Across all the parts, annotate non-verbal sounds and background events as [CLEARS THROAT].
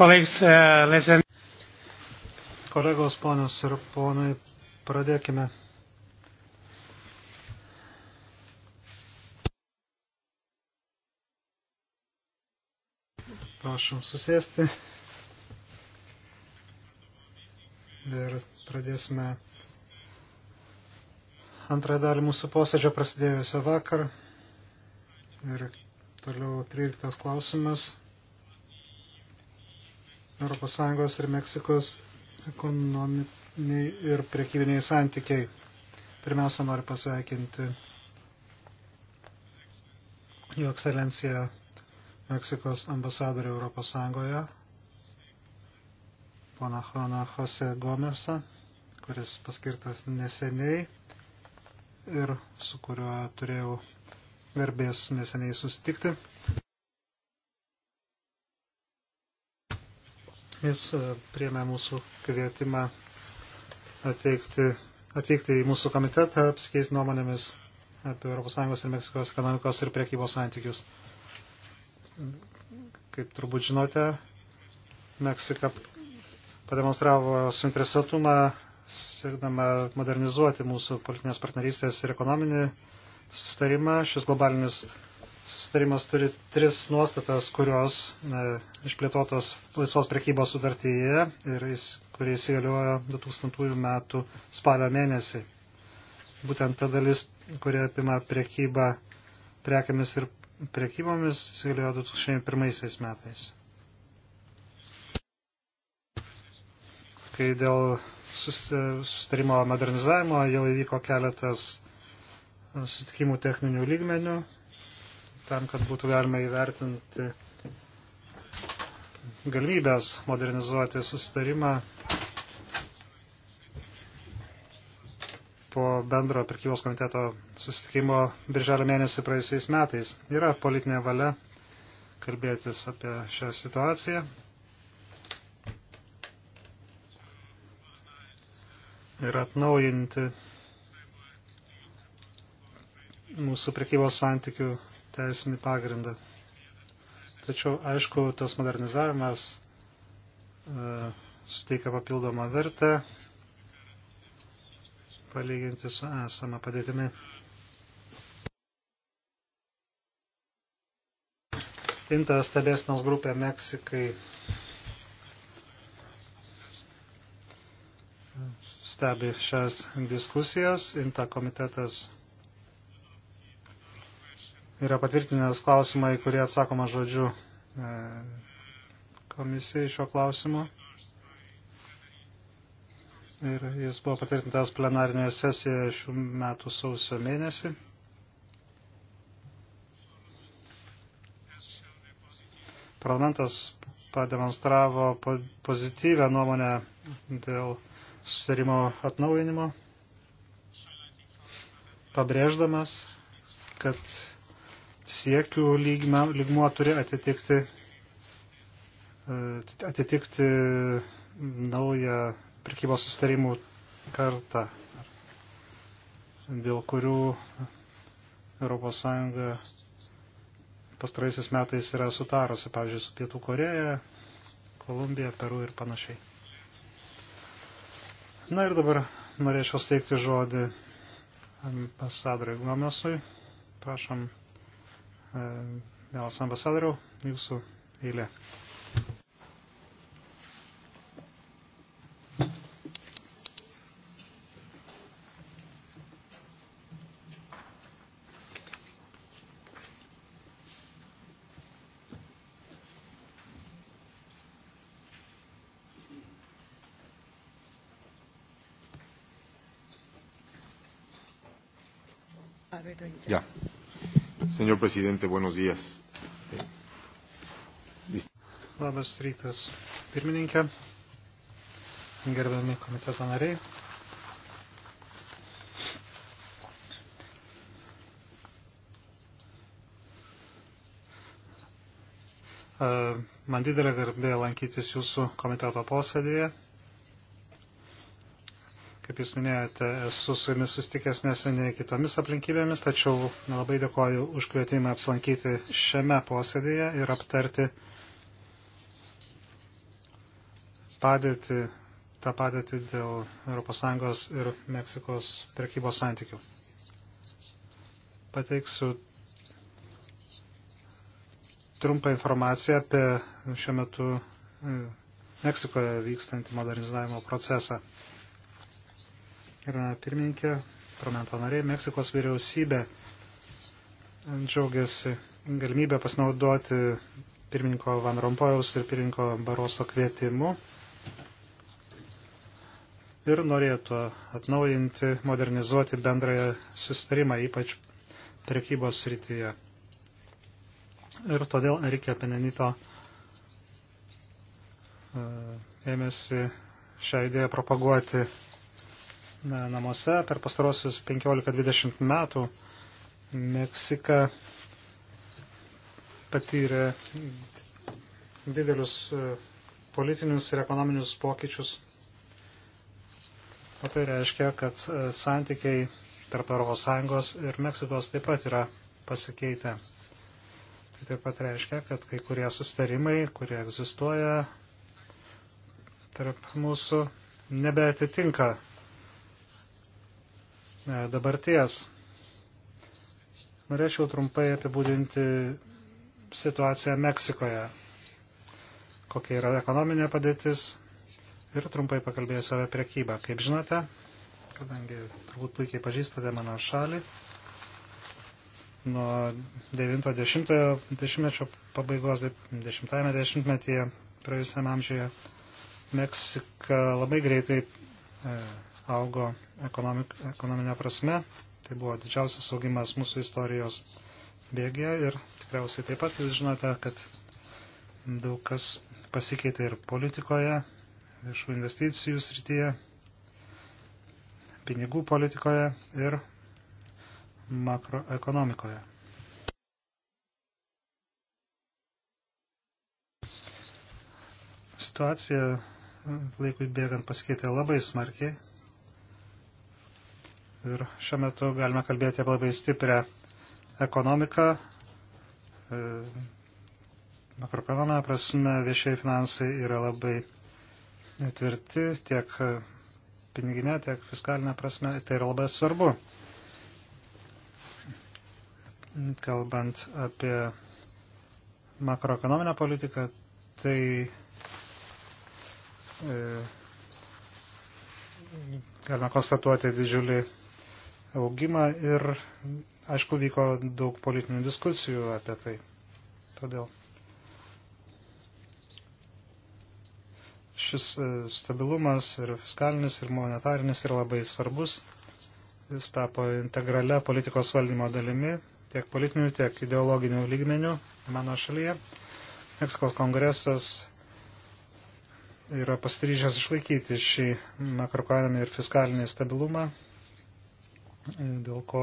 Uh, Kolegos, ponios ir ponai, pradėkime. Prašom susėsti ir pradėsime antrąją dalį mūsų posėdžio prasidėjusio vakar ir toliau 13 klausimas. ES ir Meksikos ekonominiai ir priekybiniai santykiai. Pirmiausia, noriu pasveikinti Jo ekscelenciją Meksikos ambasadorių Europos Sąjungoje, pana Juana Jose Gomesa, kuris paskirtas neseniai ir su kuriuo turėjau garbės neseniai susitikti. Jis e, priemė mūsų kvietimą atvykti, atvykti į mūsų komitetą, apsikeis nuomonėmis apie ES ir Meksikos ekonomikos ir priekybos santykius. Kaip turbūt žinote, Meksika pademonstravo suinteresuotumą, siekdama modernizuoti mūsų politinės partnerystės ir ekonominį sustarimą. Šis globalinis Sustarimas turi tris nuostatas, kurios e, išplėtotos laisvos prekybos sutartyje ir kurie įsigaliojo 2000 metų spalio mėnesį. Būtent ta dalis, kurie apima prekybą prekiamis ir prekybomis, įsigaliojo 2001 metais. Kai dėl e, sustarimo modernizavimo jau įvyko keletas e, susitikimų techninių lygmenių tam, kad būtų galima įvertinti galimybės modernizuoti susitarimą po bendro prekybos komiteto susitikimo birželio mėnesį praėjusiais metais. Yra politinė valia kalbėtis apie šią situaciją. Ir atnaujinti mūsų prekybos santykių teisinį pagrindą. Tačiau, aišku, tas modernizavimas e, suteikia papildomą vertę palyginti su esama padėtimi. Inta stebėsnos grupė Meksikai stebi šias diskusijas. Inta komitetas yra patvirtinęs klausimą, į kurį atsakoma žodžiu e, komisijai šio klausimo. Ir jis buvo patvirtintas plenarinėje sesijoje šių metų sausio mėnesį. Parlamentas pademonstravo pozityvę nuomonę dėl susitarimo atnaujinimo, pabrėždamas, kad siekių lygmuo turi atitikti, e, atitikti naują prekybos sustarimų kartą, dėl kurių ES pastaraisiais metais yra sutarusi, pavyzdžiui, su Pietų Koreja, Kolumbija, Peru ir panašiai. Na ir dabar norėčiau steigti žodį ambasadoriui Gomesui. Prašom E, Mielas ambasadoriau, jūsų eilė. Señor presidente, buenos días. Labas rytas, pirmininkė, gerbiami komiteto nariai. Man didelė garbė lankytis jūsų komiteto posėdėje kaip jūs minėjote, esu su jumis sustikęs neseniai kitomis aplinkybėmis, tačiau labai dėkoju už kvietimą apsilankyti šiame posėdėje ir aptarti padėti, tą padėtį dėl ES ir Meksikos prekybos santykių. Pateiksiu trumpą informaciją apie šiuo metu e, Meksikoje vykstantį modernizavimo procesą. Gerbiamą pirmininkę, parlamento nariai, Meksikos vyriausybė džiaugiasi galimybę pasinaudoti pirmininko Van Rompojaus ir pirmininko Baroso kvietimu ir norėtų atnaujinti, modernizuoti bendrąją sustarimą, ypač prekybos srityje. Ir todėl Erikė Penenito e, ėmėsi šią idėją propaguoti namuose per pastarosius 15-20 metų Meksika patyrė didelius e, politinius ir ekonominius pokyčius. O tai reiškia, kad e, santykiai tarp ES ir Meksikos taip pat yra pasikeitę. Tai taip pat reiškia, kad kai kurie sustarimai, kurie egzistuoja tarp mūsų, nebeatitinka E, dabarties. Norėčiau trumpai apibūdinti situaciją Meksikoje, kokia yra ekonominė padėtis ir trumpai pakalbėsiu apie prekybą. Kaip žinote, kadangi turbūt puikiai pažįstate mano šalį, nuo 90-mečio pabaigos 10-ame dešimtmetyje praėjusiam amžiuje Meksika labai greitai e, augo ekonomik, ekonominė prasme. Tai buvo didžiausias augimas mūsų istorijos bėgėje ir tikriausiai taip pat jūs žinote, kad daug kas pasikeitė ir politikoje, viešų investicijų srityje, pinigų politikoje ir makroekonomikoje. Situacija laikui bėgant pasikeitė labai smarkiai Ir šiuo metu galime kalbėti apie labai stiprią ekonomiką. E, Makroekonominė prasme viešieji finansai yra labai tvirti tiek piniginė, tiek fiskalinė prasme. Tai yra labai svarbu. Kalbant apie makroekonominę politiką, tai e, galime konstatuoti didžiulį augimą ir, aišku, vyko daug politinių diskusijų apie tai. Todėl šis e, stabilumas ir fiskalinis ir monetarinis yra labai svarbus. Jis tapo integralia politikos valdymo dalimi tiek politinių, tiek ideologinių lygmenių mano šalyje. Meksikos kongresas yra pasiryžęs išlaikyti šį makroekonominį ir fiskalinį stabilumą dėl ko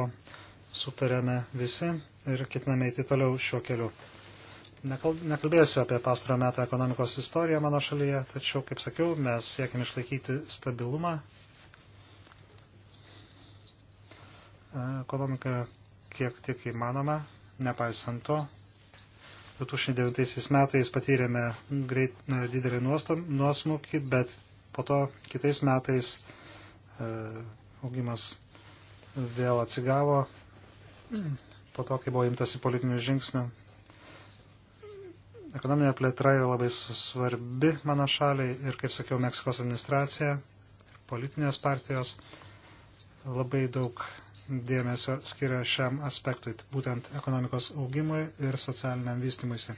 sutarėme visi ir ketiname eiti toliau šiuo keliu. Nekalbėsiu apie pastarą metą ekonomikos istoriją mano šalyje, tačiau, kaip sakiau, mes siekiam išlaikyti stabilumą. E, ekonomika kiek tik įmanoma, nepaisant to. 2009 metais patyrėme greit, e, didelį nuosmukį, bet po to kitais metais e, augimas vėl atsigavo po to, kai buvo imtasi politinių žingsnių. Ekonominė plėtra yra labai svarbi mano šaliai ir, kaip sakiau, Meksikos administracija, politinės partijos labai daug dėmesio skiria šiam aspektui, būtent ekonomikos augimui ir socialiniam vystimuisi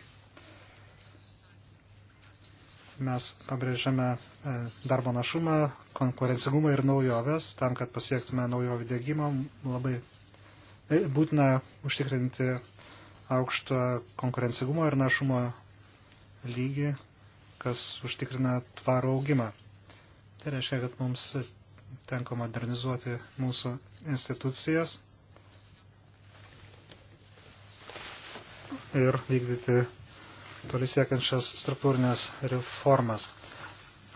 mes pabrėžiame e, darbo našumą, konkurencingumą ir naujoves, tam, kad pasiektume naujovių dėgymą, labai e, būtina užtikrinti aukštą konkurencingumo ir našumo lygį, kas užtikrina tvarų augimą. Tai reiškia, kad mums tenka modernizuoti mūsų institucijas ir vykdyti toli siekiančias struktūrinės reformas.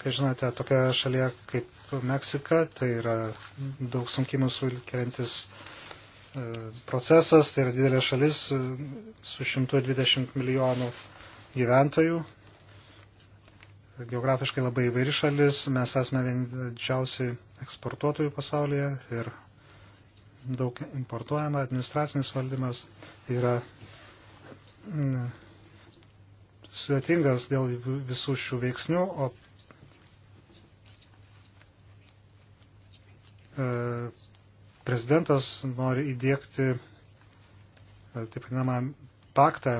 Kai žinote, tokia šalia kaip Meksika, tai yra daug sunkimų sulkeliantis e, procesas, tai yra didelė šalis su 120 milijonų gyventojų. Geografiškai labai įvairi šalis, mes esame vieni didžiausi eksportuotojų pasaulyje ir daug importuojama, administracinis valdymas yra svetingas dėl visų šių veiksnių, o e, prezidentas nori įdėkti e, taip vadinamą paktą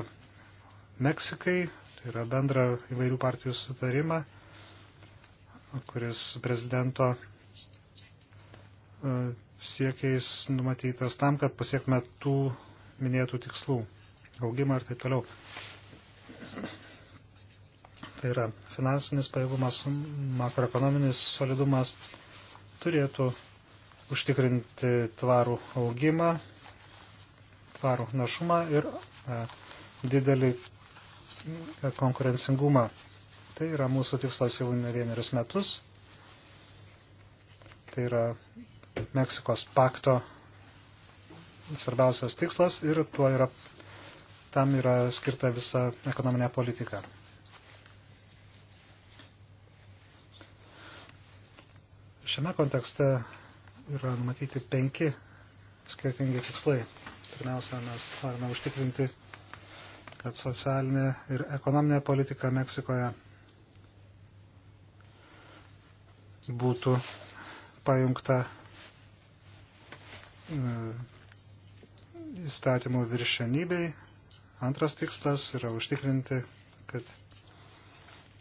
Meksikai, tai yra bendra įvairių partijų sutarimą, kuris prezidento e, siekiais numatytas tam, kad pasiekme tų minėtų tikslų, augimą ir taip toliau tai yra finansinis pajėgumas, makroekonominis solidumas, turėtų užtikrinti tvarų augimą, tvarų našumą ir e, didelį e, konkurencingumą. Tai yra mūsų tikslas jau ne vienerius metus. Tai yra Meksikos pakto svarbiausias tikslas ir tuo yra, tam yra skirta visa ekonominė politika. Šiame kontekste yra numatyti penki skirtingi tikslai. Pirmiausia, mes norime užtikrinti, kad socialinė ir ekonominė politika Meksikoje būtų pajungta e, įstatymų viršenybei. Antras tikslas yra užtikrinti, kad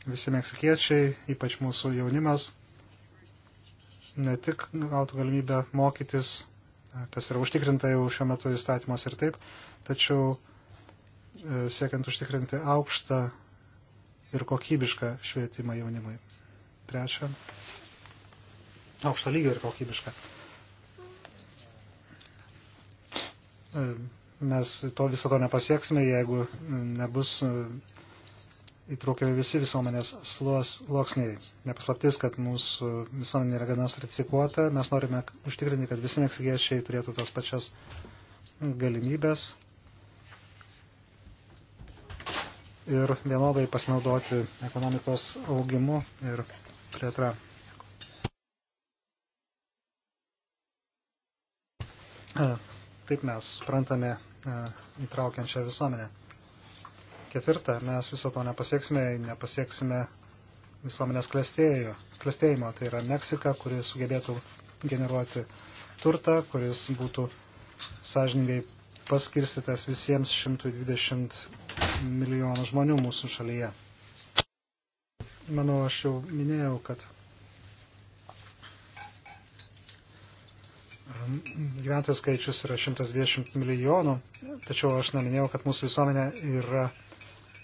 visi meksikiečiai, ypač mūsų jaunimas, ne tik gautų galimybę mokytis, e, kas yra užtikrinta jau šiuo metu įstatymas ir taip, tačiau e, siekiant užtikrinti aukštą ir kokybišką švietimą jaunimui. Trečia, aukšto lygio ir kokybišką. E, mes to viso to nepasieksime, jeigu nebus įtraukiami visi visuomenės sluoksniai. Nepaslaptis, kad mūsų visuomenė yra gana stratifikuota. Mes norime užtikrinti, kad visi meksikiečiai turėtų tas pačias galimybės ir vienodai pasinaudoti ekonomikos augimu ir plėtra. Taip mes suprantame e, įtraukiančią visuomenę. Ketvirta, mes viso to nepasieksime, nepasieksime visuomenės klestėjimo. Tai yra Meksika, kuri sugebėtų generuoti turtą, kuris būtų sąžiningai paskirstytas visiems 120 milijonų žmonių mūsų šalyje. Manau, aš jau minėjau, kad um, gyventojų skaičius yra 120 milijonų, tačiau aš neminėjau, kad mūsų visuomenė yra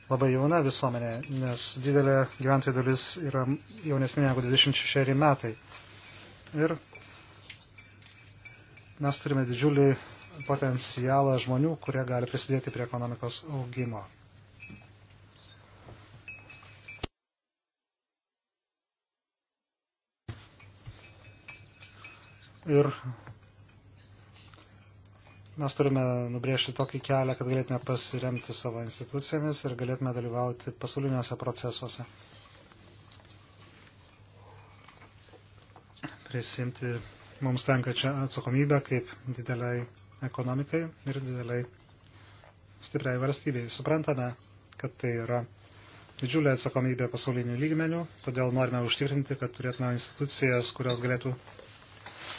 labai jauna visuomenė, nes didelė gyventojų dalis yra jaunesnė negu 26 metai. Ir mes turime didžiulį potencialą žmonių, kurie gali prisidėti prie ekonomikos augimo. Ir mes turime nubrėžti tokį kelią, kad galėtume pasiremti savo institucijomis ir galėtume dalyvauti pasauliniuose procesuose. Prisimti mums tenka čia atsakomybę kaip dideliai ekonomikai ir dideliai stipriai valstybei. Suprantame, kad tai yra didžiulė atsakomybė pasaulinių lygmenių, todėl norime užtikrinti, kad turėtume institucijas, kurios galėtų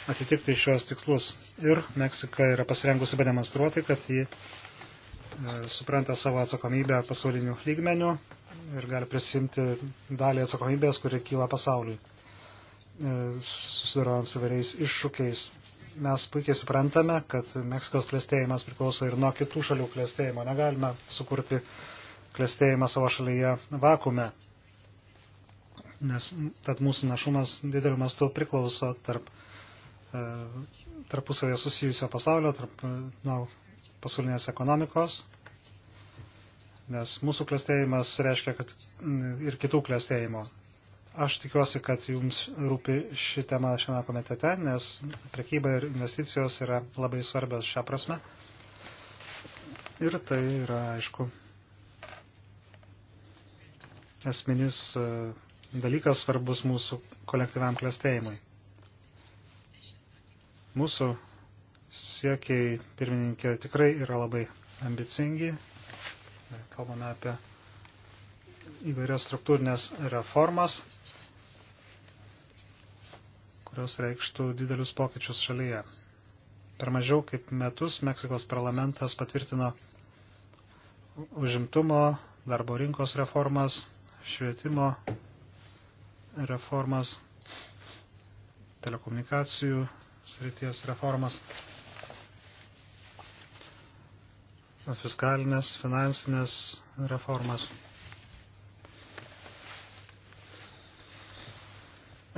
atitikti šios tikslus. Ir Meksika yra pasirengusi pademonstruoti, kad ji e, supranta savo atsakomybę pasaulinių lygmenių ir gali prisimti dalį atsakomybės, kuri kyla pasauliui, e, susidarojant su vairiais iššūkiais. Mes puikiai suprantame, kad Meksikos klėstėjimas priklauso ir nuo kitų šalių klėstėjimo. Negalime sukurti klėstėjimą savo šalyje vakume, nes tad mūsų našumas dideliu mastu priklauso tarp E, tarpusavėje susijusio pasaulio, tarp nu, pasaulinės ekonomikos, nes mūsų klestėjimas reiškia, kad ir kitų klestėjimo. Aš tikiuosi, kad jums rūpi ši tema šiame komitete, nes prekyba ir investicijos yra labai svarbios šią prasme. Ir tai yra, aišku, esminis e, dalykas svarbus mūsų kolektyviam klestėjimui. Mūsų siekiai, pirmininkė, tikrai yra labai ambicingi. Kalbame apie įvairias struktūrinės reformas, kurios reikštų didelius pokyčius šalyje. Per mažiau kaip metus Meksikos parlamentas patvirtino užimtumo, darbo rinkos reformas, švietimo reformas, telekomunikacijų srities reformas. Fiskalinės, finansinės reformas.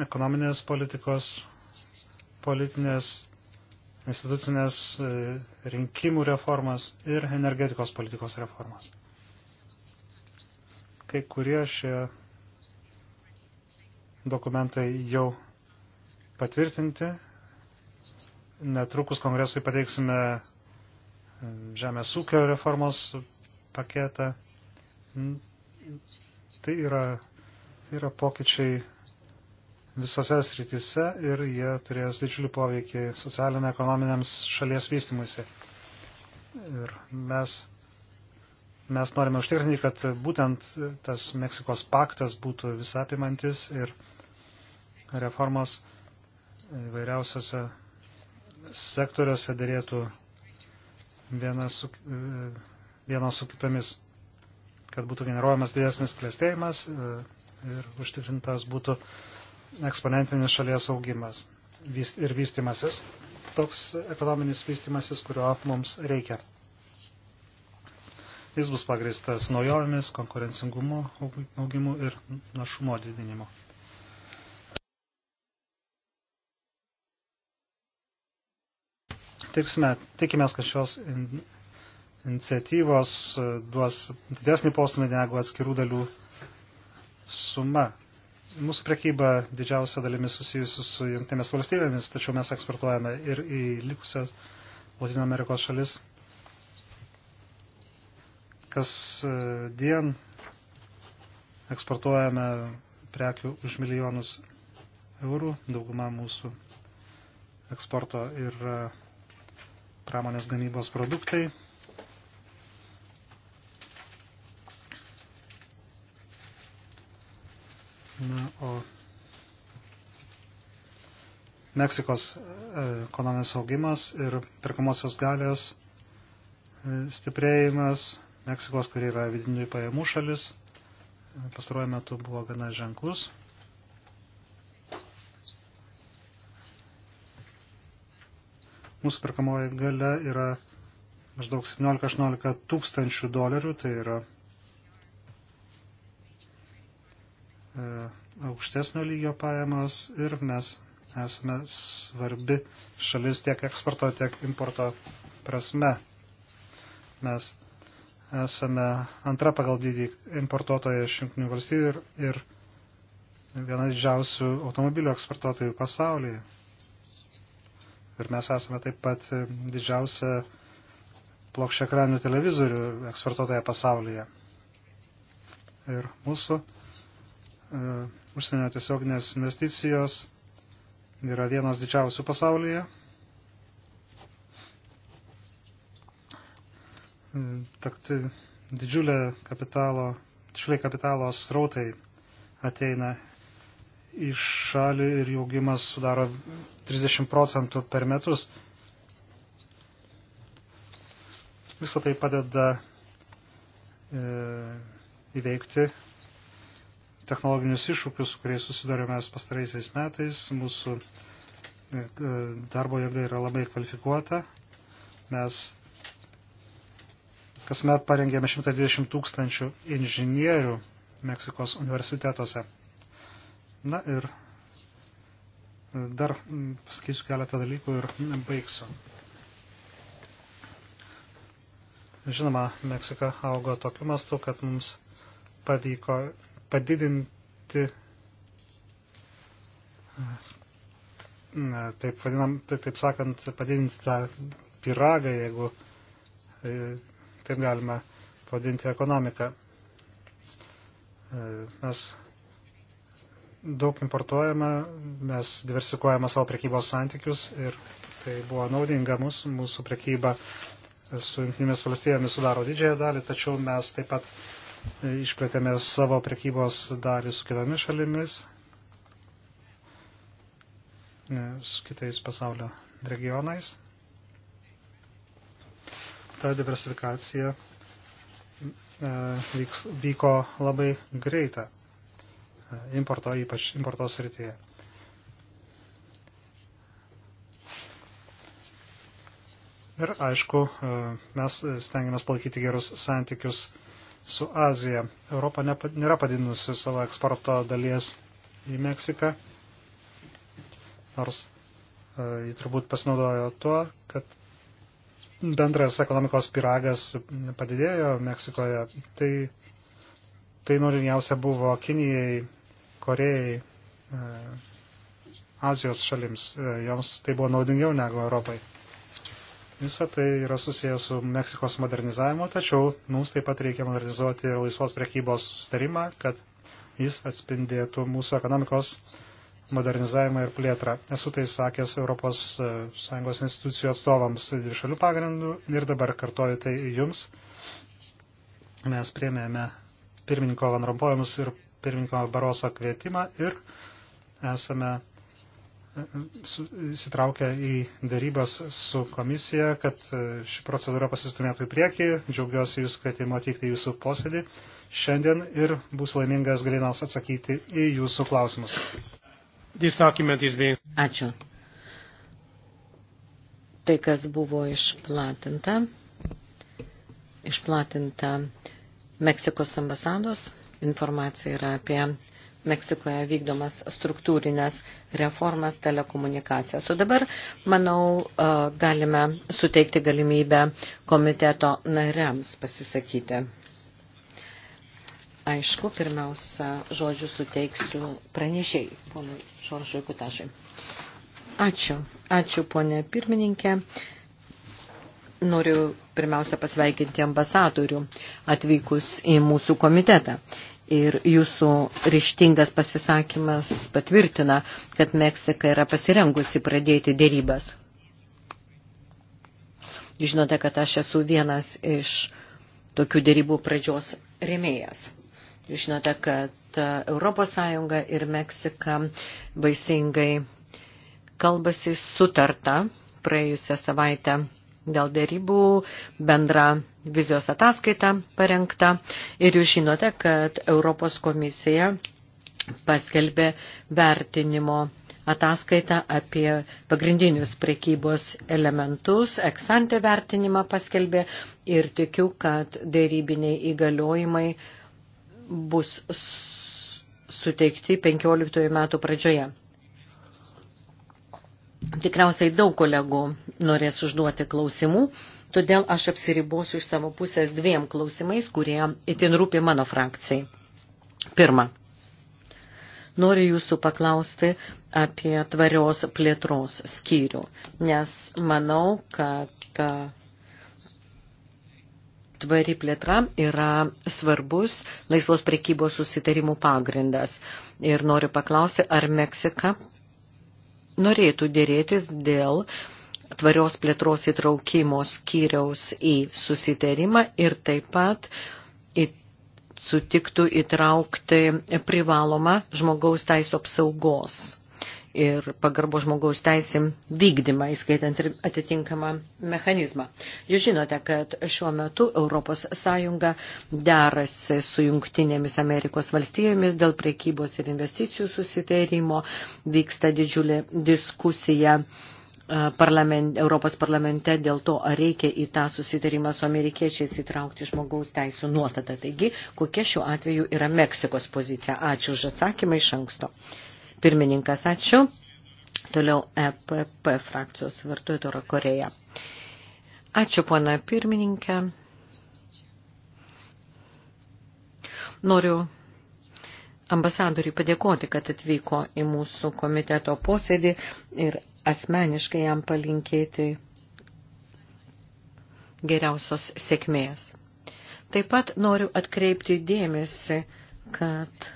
Ekonominės politikos, politinės, institucinės e, rinkimų reformas ir energetikos politikos reformas. Kai kurie šie dokumentai jau patvirtinti netrukus kongresui pateiksime e, žemės ūkio reformos paketą. Tai yra, tai yra pokyčiai visose srityse ir jie turės didžiulį poveikį socialiniam ekonominiams šalies vystimuisi. Ir mes, mes norime užtikrinti, kad būtent tas Meksikos paktas būtų visapimantis ir reformos įvairiausiose sektoriuose dėrėtų viena su, e, vienos su kitomis, kad būtų generuojamas didesnis klėstėjimas e, ir užtikrintas būtų eksponentinis šalies augimas ir vystimasis, toks ekonominis vystimasis, kurio mums reikia. Jis bus pagristas naujovėmis, konkurencingumu, augimu ir našumo didinimu. Tiksime, tikimės, kad šios in, iniciatyvos e, duos didesnį postumį negu atskirų dalių suma. Mūsų prekyba didžiausia dalimi susijusi su jungtinėmis valstybėmis, tačiau mes eksportuojame ir į likusias Latino Amerikos šalis. Kas e, dien eksportuojame prekių už milijonus eurų, dauguma mūsų eksporto yra pramonės gamybos produktai. Na, o Meksikos e, ekonominis augimas ir perkamosios galios e, stiprėjimas Meksikos, kur yra vidinių pajamų šalis, e, pastaruoju metu buvo gana ženklus. Mūsų perkamoji gale yra maždaug 17-18 tūkstančių dolerių, tai yra e, aukštesnio lygio pajamos ir mes esame svarbi šalis tiek eksporto, tiek importo prasme. Mes esame antra pagal dydį importuotoja iš jungtinių valstybių ir, ir viena didžiausių automobilių eksportuotojų pasaulyje. Ir mes esame taip pat e, didžiausia plokščiakranių televizorių eksportuotoja pasaulyje. Ir mūsų e, užsienio tiesioginės investicijos yra vienas didžiausių pasaulyje. E, Takti didžiulė kapitalo, didžiuliai kapitalo srautai ateina į šalį ir jų augimas sudaro 30 procentų per metus. Visą tai padeda e, įveikti technologinius iššūkius, kuriais susidurėme pastaraisiais metais. Mūsų e, e, darbo jėga yra labai kvalifikuota. Mes kasmet parengėme 120 tūkstančių inžinierių Meksikos universitetuose. Na ir dar pasakysiu keletą dalykų ir baigsiu. Žinoma, Meksika augo tokiu mastu, kad mums pavyko padidinti taip, vadinam, taip, taip sakant, padidinti tą piragą, jeigu e, taip galima pavadinti ekonomiką. E, mes daug importuojame, mes diversifikuojame savo prekybos santykius ir tai buvo naudinga mūsų, mūsų prekyba su jungtinėmis valstybėmis sudaro didžiąją dalį, tačiau mes taip pat e, išplėtėme savo prekybos dalį su kitomis šalimis, e, su kitais pasaulio regionais. Ta diversifikacija e, vyks, vyko labai greitą importo, ypač importo srityje. Ir aišku, e, mes stengiamės palaikyti gerus santykius su Azija. Europa nėra padidinusi savo eksporto dalies į Meksiką, nors e, jį turbūt pasinaudojo tuo, kad bendras ekonomikos piragas padidėjo Meksikoje. Tai, tai nulingiausia buvo Kinijai Korejai, e, Azijos šalims. E, joms tai buvo naudingiau negu Europai. Visa tai yra susijęs su Meksikos modernizavimu, tačiau mums taip pat reikia modernizuoti ir laisvos prekybos sustarimą, kad jis atspindėtų mūsų ekonomikos modernizavimą ir plėtrą. Esu tai sakęs ES e, institucijų atstovams dvišalių pagrindų ir dabar kartoju tai jums. Mes priemėme pirmininko Van Rompojimus ir pirmininko Baroso kvietimą ir esame e, įsitraukę į darybas su komisija, kad e, ši procedūra pasistumėtų į priekį. Džiaugiuosi jūsų kvietimu atvykti į jūsų posėdį šiandien ir bus laimingas galinas atsakyti į jūsų klausimus. Ačiū. Tai, kas buvo išplatinta, išplatinta Meksikos ambasados informacija yra apie Meksikoje vykdomas struktūrinės reformas telekomunikacijas. O dabar, manau, e, galime suteikti galimybę komiteto nariams pasisakyti. Aišku, pirmiausia, žodžių suteiksiu pranešėjai, ponui Šoršui Kutašai. Ačiū. Ačiū, ponė pirmininkė. Noriu pirmiausia pasveikinti ambasadorių atvykus į mūsų komitetą ir jūsų ryštingas pasisakymas patvirtina, kad Meksika yra pasirengusi pradėti dėrybas. Žinote, kad aš esu vienas iš tokių dėrybų pradžios remėjas. Jūs žinote, kad ES ir Meksika baisingai kalbasi sutarta praėjusią savaitę dėl dėrybų, bendra vizijos ataskaita parengta ir jūs žinote, kad Europos komisija paskelbė vertinimo ataskaitą apie pagrindinius prekybos elementus, eksantė vertinimą paskelbė ir tikiu, kad dėrybiniai įgaliojimai bus suteikti 15 metų pradžioje. Tikriausiai daug kolegų norės užduoti klausimų, todėl aš apsiribosiu iš savo pusės dviem klausimais, kurie itin rūpi mano frakcijai. Pirma, noriu jūsų paklausti apie tvarios plėtros skyrių, nes manau, kad tvari plėtra yra svarbus laisvos prekybos susitarimų pagrindas. Ir noriu paklausti, ar Meksika norėtų dėrėtis dėl tvarios plėtros įtraukimo skyriaus į susitarimą ir taip pat į sutiktų įtraukti privalomą žmogaus teisų apsaugos ir pagarbo žmogaus teisim vykdymą, įskaitant ir atitinkamą mechanizmą. Jūs žinote, kad šiuo metu Europos Sąjunga derasi su Junktinėmis Amerikos valstijomis dėl prekybos ir investicijų susitairimo, vyksta didžiulė diskusija. Parlament, Europos parlamente dėl to, ar reikia į tą susitarimą su amerikiečiais įtraukti žmogaus teisų nuostatą. Taigi, kokia šiuo atveju yra Meksikos pozicija? Ačiū už atsakymą iš anksto. Pirmininkas, ačiū. Toliau EPP frakcijos vartoja Toro Koreja. Ačiū, pana pirmininkė. Noriu ambasadoriui padėkoti, kad atvyko į mūsų komiteto posėdį ir asmeniškai jam palinkėti geriausios sėkmės. Taip pat noriu atkreipti dėmesį, kad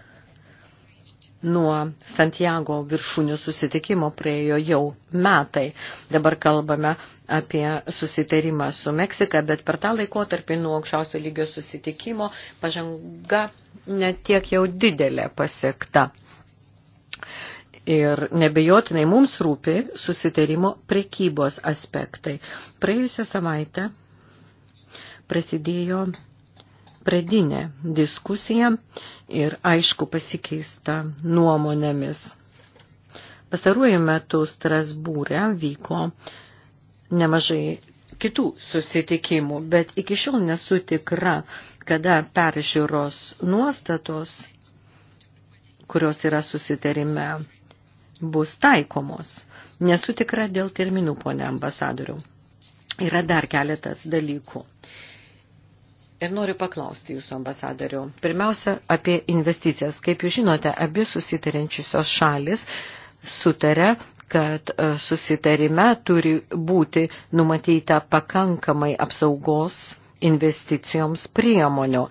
nuo Santiago viršūnių susitikimo praėjo jau metai. Dabar kalbame apie susitarimą su Meksika, bet per tą laikotarpį nuo aukščiausio lygio susitikimo pažanga netiek jau didelė pasiekta. Ir nebejotinai mums rūpi susitarimo prekybos aspektai. Praėjusią savaitę prasidėjo pradinę diskusiją ir aišku pasikeista nuomonėmis. Pastaruoju metu Strasbūrė vyko nemažai kitų susitikimų, bet iki šiol nesu tikra, kada peržiūros nuostatos, kurios yra susitarime, bus taikomos. Nesu tikra dėl terminų, ponė ambasadoriu. Yra dar keletas dalykų. Ir noriu paklausti jūsų ambasadoriau. Pirmiausia, apie investicijas. Kaip jūs žinote, abi susitarinčiusios šalis sutarė, kad e, susitarime turi būti numatyta pakankamai apsaugos investicijoms priemonių.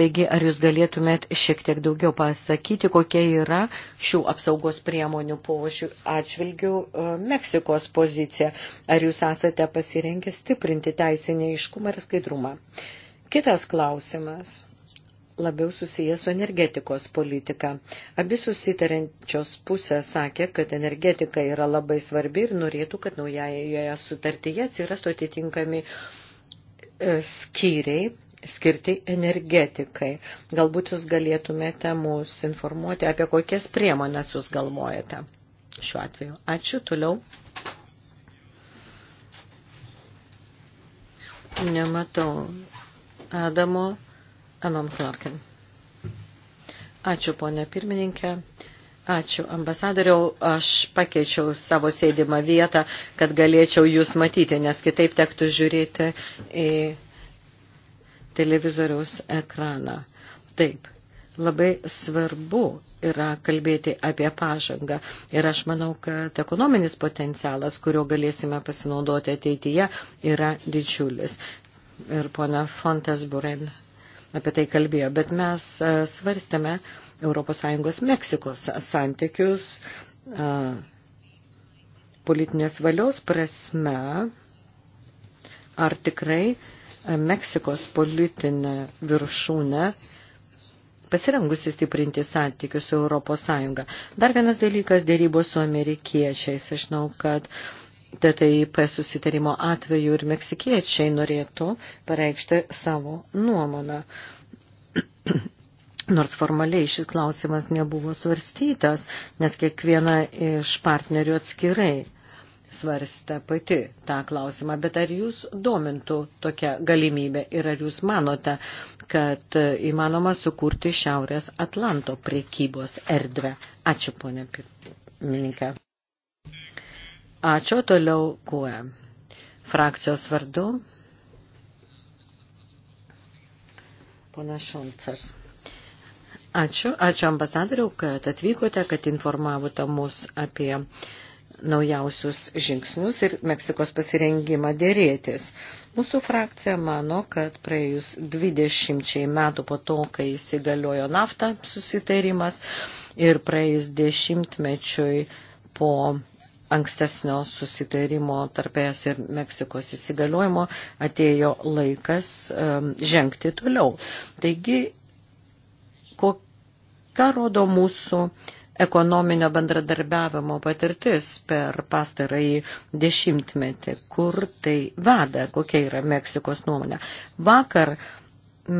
Taigi, ar jūs galėtumėt šiek tiek daugiau pasakyti, kokia yra šių apsaugos priemonių požių atžvilgių e, Meksikos pozicija? Ar jūs esate pasirenkę stiprinti teisinį iškumą ir skaidrumą? Uh, Kitas klausimas labiau susijęs su energetikos politika. Abi susitarančios pusės sakė, kad energetika yra labai svarbi ir norėtų, kad naujajoje sutartyje atsirastų atitinkami e, skyriai skirti energetikai. Galbūt jūs galėtumėte mus informuoti, apie kokias priemonės jūs galvojate šiuo atveju. Ačiū, toliau. Nematau Adamo Anon Clarkin. Ačiū, ponė pirmininkė. Ačiū, ambasadoriau. Aš pakeičiau savo sėdimą vietą, kad galėčiau jūs matyti, nes kitaip tektų žiūrėti į televizoriaus ekraną. Taip, labai svarbu yra kalbėti apie pažangą. Ir aš manau, kad ekonominis potencialas, kurio galėsime pasinaudoti ateityje, yra didžiulis ir pona Fontes Burel apie tai kalbėjo, bet mes e, svarstėme ES Meksikos santykius e, politinės valios prasme, ar tikrai e, Meksikos politinė viršūnė pasirengusi stiprinti santykius su Europos Sąjunga. Dar vienas dalykas dėrybos su amerikiečiais. Aš žinau, kad uh, TTIP susitarimo atveju ir meksikiečiai norėtų pareikšti savo nuomoną. [CLEARS THROAT] Nors formaliai šis klausimas nebuvo svarstytas, nes kiekviena iš partnerių atskirai svarsta pati tą klausimą, bet ar jūs domintų tokia galimybė ir ar jūs manote, kad įmanoma sukurti Šiaurės Atlanto priekybos erdvę? Ačiū, ponė pirmininkė. Ačiū, toliau kuo. E. Frakcijos vardu. Pana Šulcas. Ačiū, ačiū ambasadoriau, kad atvykote, kad informavote mus apie naujausius žingsnius ir Meksikos pasirengimą dėrėtis. Mūsų frakcija mano, kad praėjus 20 metų po to, kai įsigaliojo nafta susitarimas ir praėjus dešimtmečiui po ankstesnio susitarimo tarp ES ir Meksikos įsigaliojimo atėjo laikas žengti toliau. Taigi, ką rodo mūsų ekonominio bendradarbiavimo patirtis per pastarąjį dešimtmetį, kur tai veda, kokia yra Meksikos nuomonė. Vakar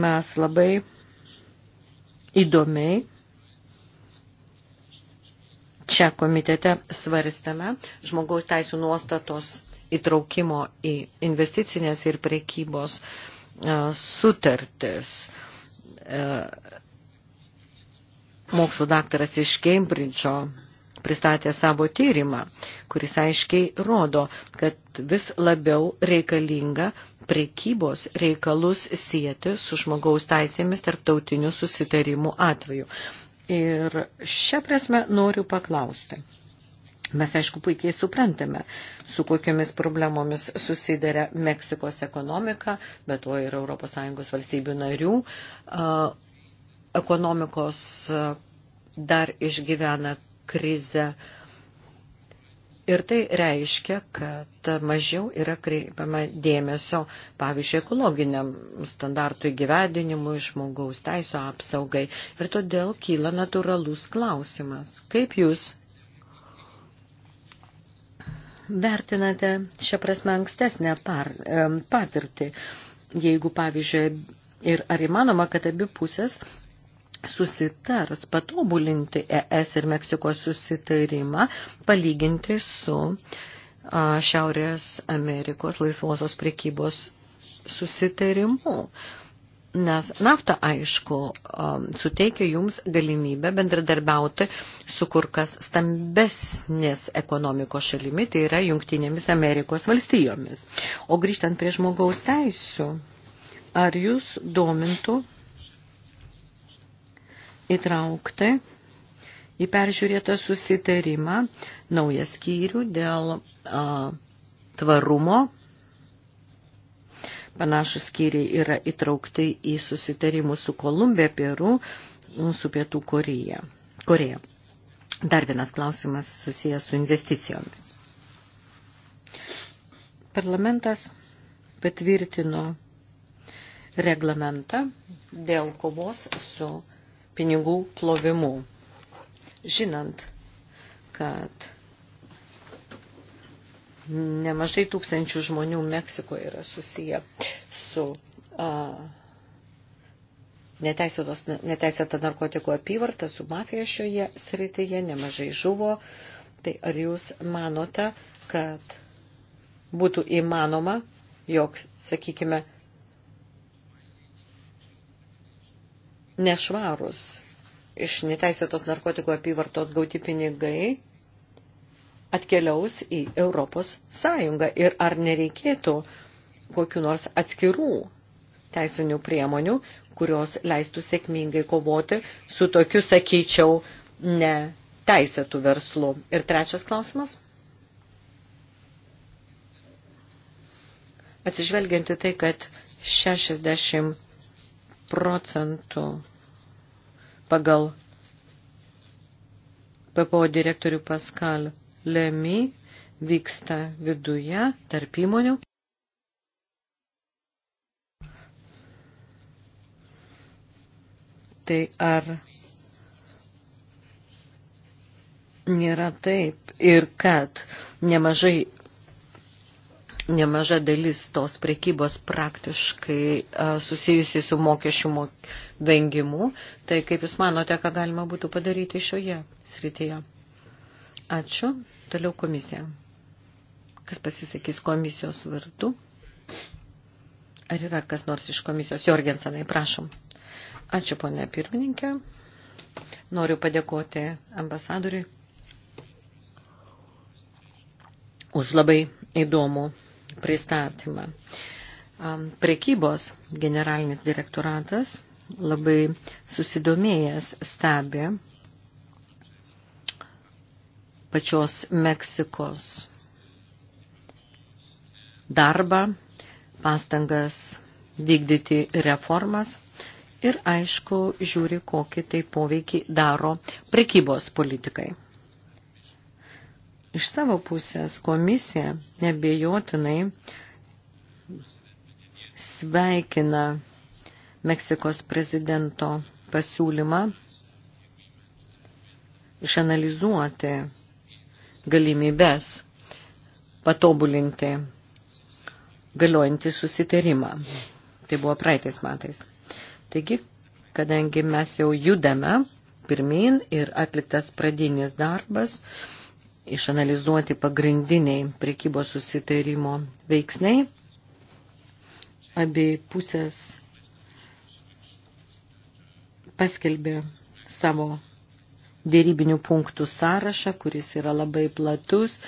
mes labai įdomiai čia komitete svarstame žmogaus teisų nuostatos įtraukimo į investicinės ir prekybos e, sutartis. E, Mokslo daktaras iš Cambridge'o pristatė savo tyrimą, kuris aiškiai rodo, kad vis labiau reikalinga prekybos reikalus sieti su žmogaus teisėmis tarptautinių susitarimų atveju. Ir šią prasme noriu paklausti. Mes, aišku, puikiai suprantame, su kokiomis problemomis susidarė Meksikos ekonomika, bet to ir ES valstybių narių ekonomikos dar išgyvena krizę Ir tai reiškia, kad mažiau yra kreipiama dėmesio, pavyzdžiui, ekologiniam standartų įgyvedinimui, žmogaus teisų apsaugai. Ir todėl kyla natūralus klausimas. Kaip jūs vertinate šią prasme ankstesnę par, patirtį, jeigu, pavyzdžiui, ir ar įmanoma, kad abi pusės susitars patobulinti ES ir Meksikos susitarimą palyginti su Šiaurės Amerikos laisvosios prekybos susitarimu. Nes nafta, aišku, suteikia jums galimybę bendradarbiauti su kur kas stambesnės ekonomikos šalimi, tai yra Jungtinėmis Amerikos valstijomis. O grįžtant prie žmogaus teisų, ar jūs domintų įtraukti į peržiūrėtą susitarimą naują skyrių dėl a, tvarumo. Panašus skyriai yra įtraukti į susitarimus su Kolumbija, Peru, su Pietų Koreja. Koreja. Dar vienas klausimas susijęs su investicijomis. Parlamentas patvirtino reglamentą dėl kovos su pinigų plovimų. Žinant, kad nemažai tūkstančių žmonių Meksikoje yra susiję su a, neteisėta narkotikų apyvarta, su mafija šioje srityje, nemažai žuvo. Tai ar jūs manote, kad būtų įmanoma, jog, sakykime, nešvarus iš neteisėtos narkotikų apyvartos gauti pinigai atkeliaus į Europos Sąjungą ir ar nereikėtų kokiu nors atskirų teisinių priemonių, kurios leistų sėkmingai kovoti su tokiu, sakyčiau, neteisėtų verslu. Ir trečias klausimas. Atsižvelgianti tai, kad 60 procentų pagal PPO direktorių Paskal Lemi vyksta viduje tarp įmonių. Tai ar nėra taip ir kad nemažai nemaža dalis tos prekybos praktiškai susijusi su mokesčių vengimu. Tai kaip Jūs manote, ką galima būtų padaryti šioje srityje? Ačiū. Toliau komisija. Kas pasisakys komisijos vardu? Ar yra kas nors iš komisijos? Jorgensenai, prašom. Ačiū, ponė pirmininkė. Noriu padėkoti ambasadoriui už labai įdomų pristatymą. Prekybos generalinis direktoratas labai susidomėjęs stebi pačios Meksikos darbą, pastangas vykdyti reformas ir aišku žiūri, kokį tai poveikį daro prekybos politikai. Iš savo pusės komisija nebejotinai sveikina Meksikos prezidento pasiūlymą išanalizuoti galimybės patobulinti galiojantį susitarimą. Tai buvo praeitais metais. Taigi, kadangi mes jau judame pirmin ir atliktas pradinis darbas, išanalizuoti pagrindiniai prekybos susitarimo veiksniai. Abi pusės paskelbė savo dėrybinių punktų sąrašą, kuris yra labai platus.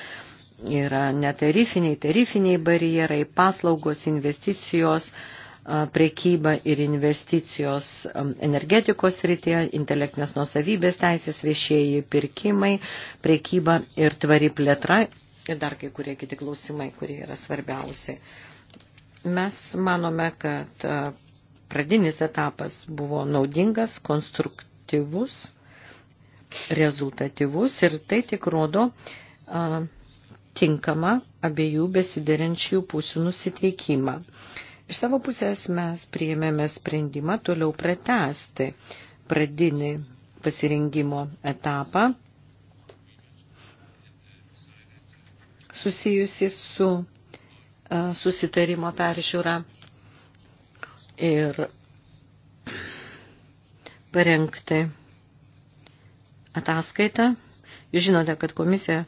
Yra netarifiniai, tarifiniai barjerai, paslaugos, investicijos, uh, priekyba ir investicijos energetikos rytėje, intelektinės nusavybės teisės, viešieji pirkimai, priekyba ir tvari plėtra ir dar kai kurie kiti klausimai, kurie yra svarbiausi. Mes manome, kad pradinis etapas buvo naudingas, konstruktyvus, rezultatyvus ir tai tik rodo tinkamą abiejų besiderenčių pusių nusiteikimą. Iš savo pusės mes priėmėme sprendimą toliau pratesti pradinį pasirengimo etapą susijusi su e, susitarimo peržiūra ir parengti ataskaitą. Jūs žinote, kad komisija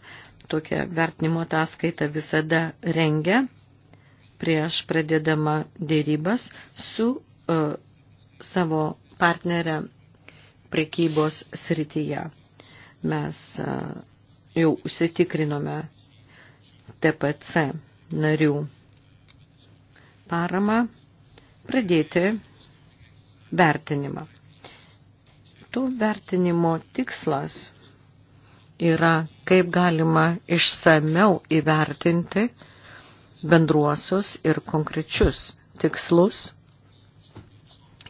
tokią vertinimo ataskaitą visada rengia prieš pradėdama dėrybas su uh, savo partnerę prekybos srityje. Mes uh, jau užsitikrinome TPC narių paramą pradėti vertinimą. Tų vertinimo tikslas yra, kaip galima išsameu įvertinti uh, bendruosius ir konkrečius tikslus,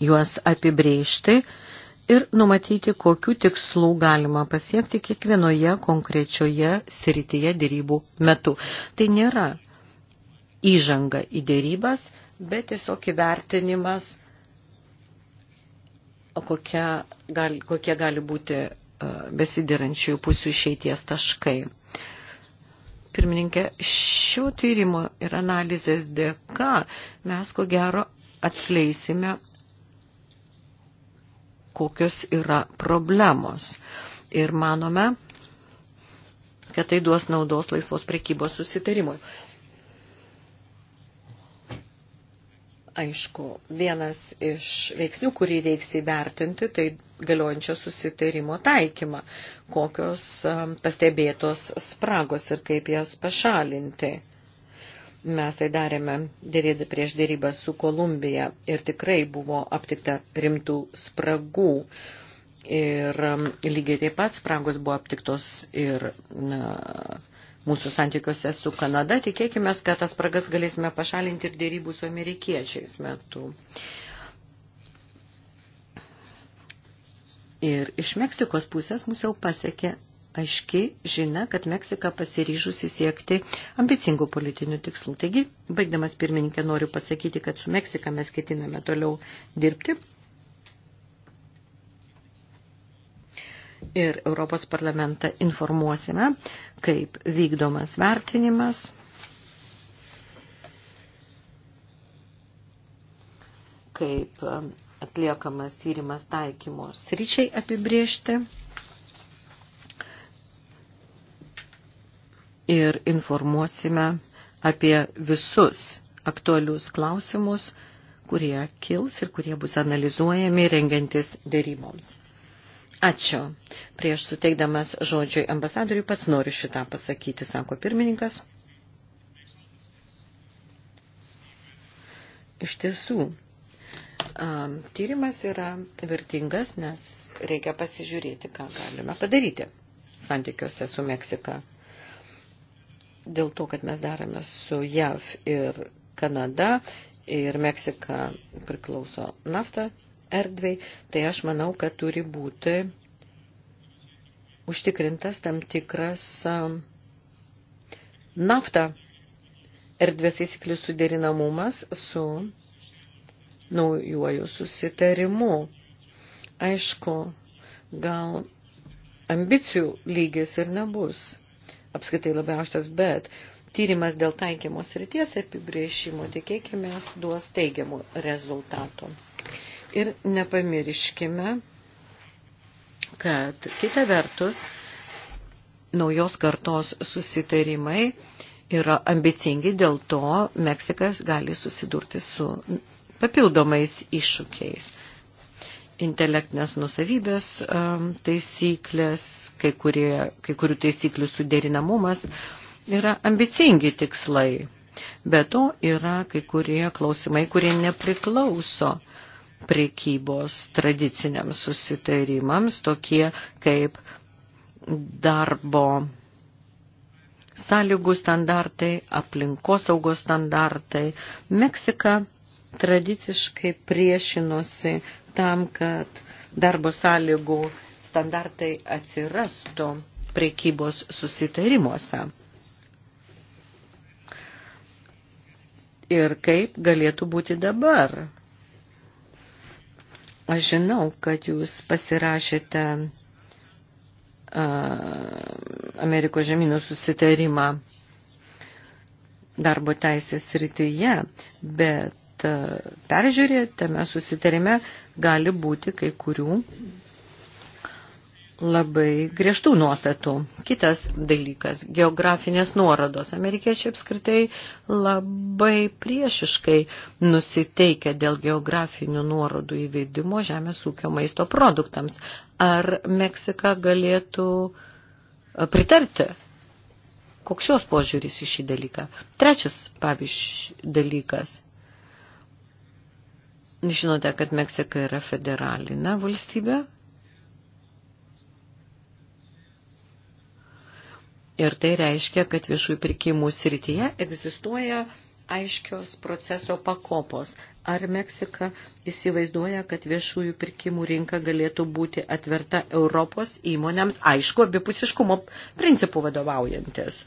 juos apibrėžti ir numatyti, kokiu tikslu galima pasiekti kiekvienoje konkrečioje srityje dėrybų metu. Tai nėra įžanga į dėrybas, bet tiesiog įvertinimas, kokie gali, kokie gali būti e, besidirančiųjų pusių išeities taškai. Pirmininkė, šio tyrimo ir analizės dėka mes ko gero atskleisime, kokios yra problemos. Ir manome, kad tai duos naudos laisvos prekybos susitarimui. aišku, vienas iš veiksnių, kurį reiks įvertinti, tai galiojančio susitarimo taikymą, kokios um, pastebėtos spragos ir kaip jas pašalinti. Mes tai darėme dėrėdį prieš dėrybą su Kolumbija ir tikrai buvo aptikta rimtų spragų. Ir um, lygiai taip pat spragos buvo aptiktos ir na, mūsų santykiuose su Kanada. Tikėkime, kad tas spragas galėsime pašalinti ir dėrybų su amerikiečiais metu. Ir iš Meksikos pusės mūsų jau pasiekė aiški žinia, kad Meksika pasiryžusi siekti ambicingų politinių tikslų. Taigi, baigdamas pirmininkę, noriu pasakyti, kad su Meksika mes ketiname toliau dirbti ir Europos parlamentą informuosime, kaip vykdomas vertinimas. kaip um, atliekamas tyrimas taikymo sričiai apibriežti ir informuosime apie visus aktualius klausimus, kurie kils ir kurie bus analizuojami rengiantis dėryboms. Ačiū. Prieš suteikdamas žodžiui ambasadoriui pats noriu šitą pasakyti, sako pirmininkas. Iš tiesų, tyrimas yra vertingas, nes reikia pasižiūrėti, ką galime padaryti santykiuose su Meksika. Dėl to, kad mes darome su JAV ir Kanada ir Meksika priklauso naftą erdvai, tai aš manau, kad turi būti užtikrintas tam tikras naftą erdvės įsiklių suderinamumas su naujuoju susitarimu. Aišku, gal ambicijų lygis ir nebus apskaitai labai aukštas, bet tyrimas dėl taikymos ryties apibrėžimo, tikėkime, duos teigiamų rezultatų. Ir nepamirškime, kad kita vertus naujos kartos susitarimai yra ambicingi, dėl to Meksikas gali susidurti su papildomais iššūkiais. Intelektinės nusavybės um, taisyklės, kai, kurie, kai kurių taisyklių suderinamumas yra ambicingi tikslai. Be to yra kai kurie klausimai, kurie nepriklauso prekybos tradiciniams susitarimams, tokie kaip darbo sąlygų standartai, aplinkosaugos standartai. Meksika tradiciškai priešinosi tam, kad darbo sąlygų standartai atsirastų prekybos susitarimuose. Ir kaip galėtų būti dabar Aš žinau, kad jūs pasirašėte Amerikos žemynų susitarimą darbo teisės rytyje, bet peržiūrėtame susitarime gali būti kai kurių labai griežtų nuostatų. Kitas dalykas - geografinės nuorodos. Amerikiečiai apskritai labai priešiškai nusiteikia dėl geografinių nuorodų įvedimo žemės ūkio maisto produktams. Ar Meksika galėtų e, pritarti? Koks jos požiūris į šį dalyką? Trečias, pavyzdžiui, dalykas. Žinote, kad Meksika yra federalinė valstybė, Ir tai reiškia, kad viešųjų pirkimų srityje egzistuoja aiškios proceso pakopos. Ar Meksika įsivaizduoja, kad viešųjų pirkimų rinka galėtų būti atverta Europos įmonėms, aišku, abipusiškumo principų vadovaujantis?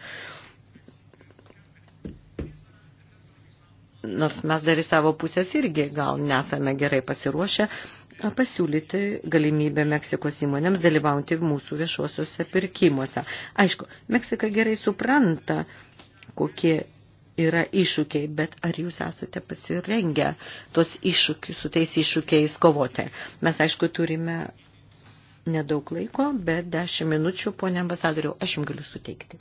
Nors mes dar į savo pusės irgi gal nesame gerai pasiruošę, pasiūlyti galimybę Meksikos įmonėms dalyvauti mūsų viešuosiuose pirkimuose. Aišku, Meksika gerai supranta, kokie yra iššūkiai, bet ar jūs esate pasirengę tos iššūkius, su tais iššūkiais kovoti? Mes, aišku, turime nedaug laiko, bet dešimt minučių, ponė ambasadoriau, aš jums galiu suteikti.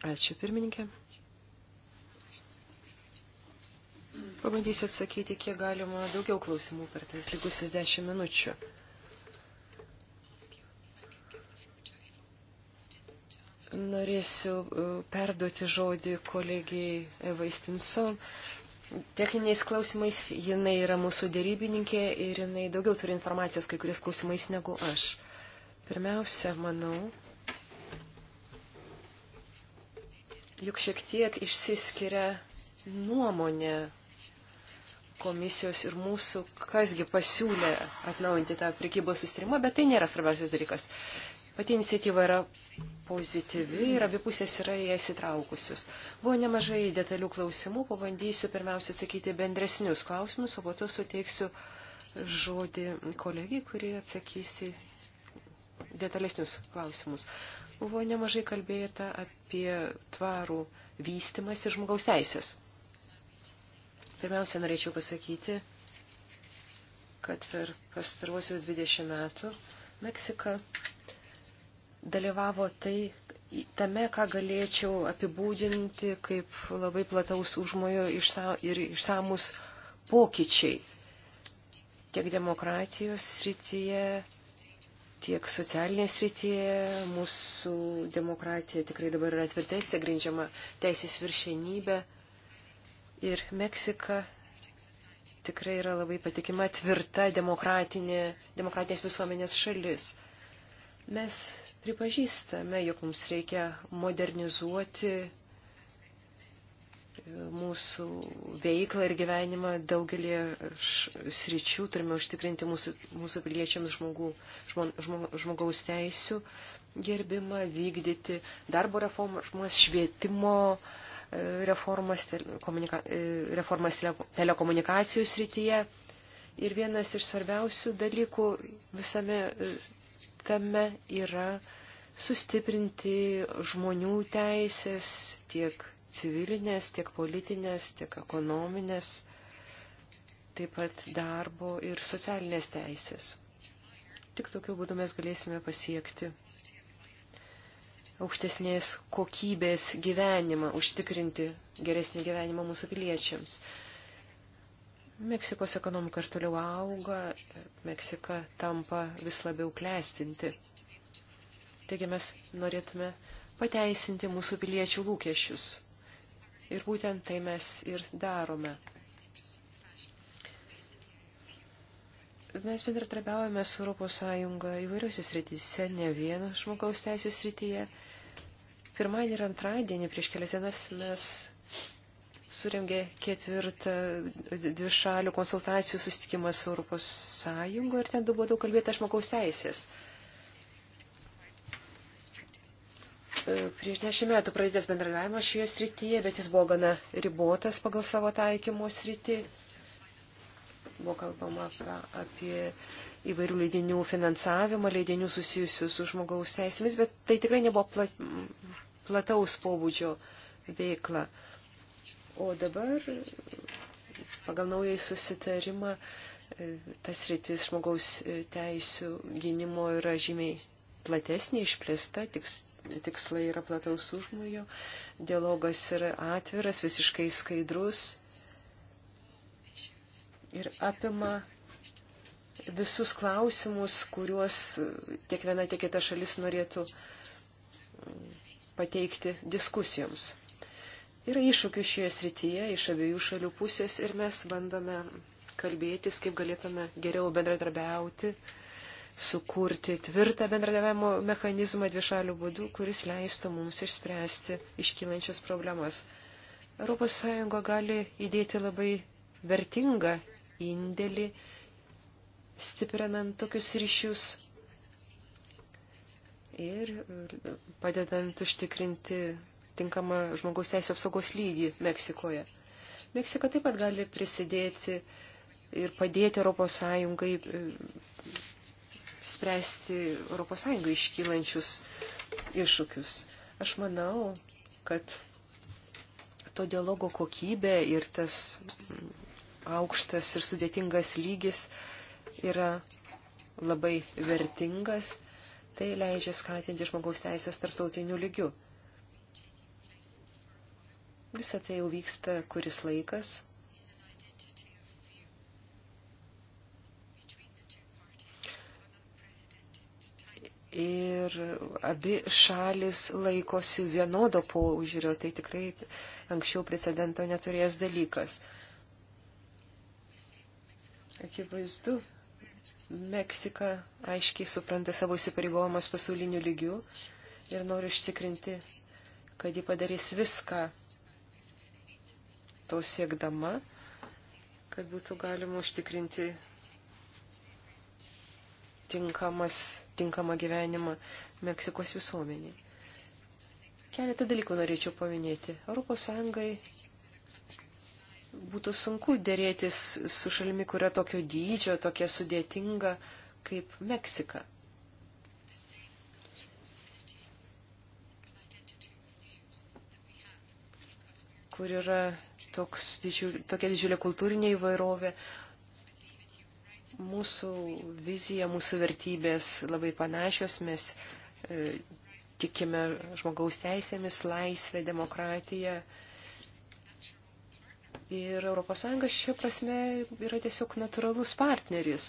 Ačiū pirmininkė. Pabandysiu atsakyti, kiek galima daugiau klausimų per tas likusias dešimt minučių. Norėsiu e, perduoti žodį kolegijai Evai Stimson. Techniniais klausimais jinai yra mūsų dėrybininkė ir jinai daugiau turi informacijos kai kuriais klausimais negu aš. Pirmiausia, manau, juk šiek tiek išsiskiria nuomonė komisijos ir mūsų, kasgi pasiūlė atnaujinti tą prekybos sustarimą, bet tai nėra svarbiausias dalykas. Pati iniciatyva yra pozityvi ir abi pusės yra į ją įsitraukusius. Buvo nemažai detalių klausimų, pabandysiu pirmiausia atsakyti bendresnius klausimus, o po to suteiksiu žodį kolegijai, kuri atsakysi detalesnius klausimus. Buvo nemažai kalbėta apie tvarų vystimas ir žmogaus teisės. Pirmiausia, norėčiau pasakyti, kad per pastaruosius 20 metų Meksika dalyvavo tai, tame, ką galėčiau apibūdinti kaip labai plataus užmojo ir išsamus pokyčiai tiek demokratijos srityje, tiek socialinės srityje. Mūsų demokratija tikrai dabar yra tvirtesnė, grindžiama teisės viršenybė ir Meksika tikrai yra labai patikima, tvirta demokratinė, demokratinės visuomenės šalis. Mes pripažįstame, jog mums reikia modernizuoti e, mūsų veiklą ir gyvenimą daugelį sričių, turime užtikrinti mūsų, mūsų piliečiams žmogų, žmon, žmogaus teisių gerbimą, vykdyti darbo reformas, švietimo uh, reformas, komunika, e, reformas telekomunikacijų srityje. Ir vienas iš svarbiausių dalykų visame e, tame yra sustiprinti žmonių teisės tiek civilinės, tiek politinės, tiek ekonominės, taip pat darbo ir socialinės teisės. Tik tokiu būdu mes galėsime pasiekti aukštesnės kokybės gyvenimą, užtikrinti geresnį gyvenimą mūsų piliečiams. Meksikos ekonomika ir toliau auga, Meksika tampa vis labiau klestinti. Taigi mes norėtume pateisinti mūsų piliečių lūkesčius. Ir būtent tai mes ir darome. Mes bendratrabiaujame su Europos Sąjunga įvairiuose srityse, ne vieno žmogaus teisės srityje. Pirmadienį ir antradienį prieš kelias dienas mes surengė ketvirtą dvišalių konsultacijų sustikimą su Europos Sąjungo ir ten buvo daug kalbėta žmogaus teisės. E, prieš dešimt metų pradėtas bendradavimas šioje srityje, bet jis buvo gana ribotas pagal savo taikymo srityje Buvo kalbama apie įvairių leidinių finansavimą, leidinių susijusių su žmogaus teisėmis, bet tai tikrai nebuvo pla, plataus pobūdžio veikla. O dabar pagal naują susitarimą e, tas rytis žmogaus e, teisų gynimo yra žymiai platesnė, išplėsta, tiks, tikslai yra plataus užmojo, dialogas yra atviras, visiškai skaidrus ir apima visus klausimus, kuriuos tiek viena, tiek kita šalis norėtų pateikti diskusijoms. Yra iššūkių šioje srityje iš abiejų šalių pusės ir mes bandome kalbėtis, kaip galėtume geriau bendradarbiauti, sukurti tvirtą bendradarbiavimo mechanizmą dvišalių būdų, kuris leistų mums išspręsti iškylančias problemas. ES gali įdėti labai vertingą indėlį, stiprinant tokius ryšius ir padedant užtikrinti tinkamą žmogaus teisų apsaugos lygį Meksikoje. Meksika taip pat gali prisidėti ir padėti Europos Sąjungai spręsti Europos Sąjungai iškylančius iššūkius. Aš manau, kad to dialogo kokybė ir tas aukštas ir sudėtingas lygis yra labai vertingas, tai leidžia skatinti žmogaus teisės tarptautiniu lygiu. Visą tai jau vyksta kuris laikas. Ir abi šalis laikosi vienodo paužiūrio, tai tikrai anksčiau precedento neturėjęs dalykas. Akivaizdu, Meksika aiškiai supranta savo įsipareigojimas pasauliniu lygiu ir nori ištikrinti, kad ji padarys viską to siekdama, kad būtų galima užtikrinti tinkamas, tinkamą gyvenimą Meksikos visuomeniai. Keletą dalykų norėčiau paminėti. Europos Sąjungai būtų sunku dėrėtis su šalimi, kuria tokio dydžio, tokia sudėtinga kaip Meksika. kur yra toks didžiul, tokia didžiulė kultūrinė įvairovė. Mūsų vizija, mūsų vertybės labai panašios, mes e, tikime žmogaus teisėmis, laisvė, demokratija. E, Ir ES šia prasme yra tiesiog natūralus partneris.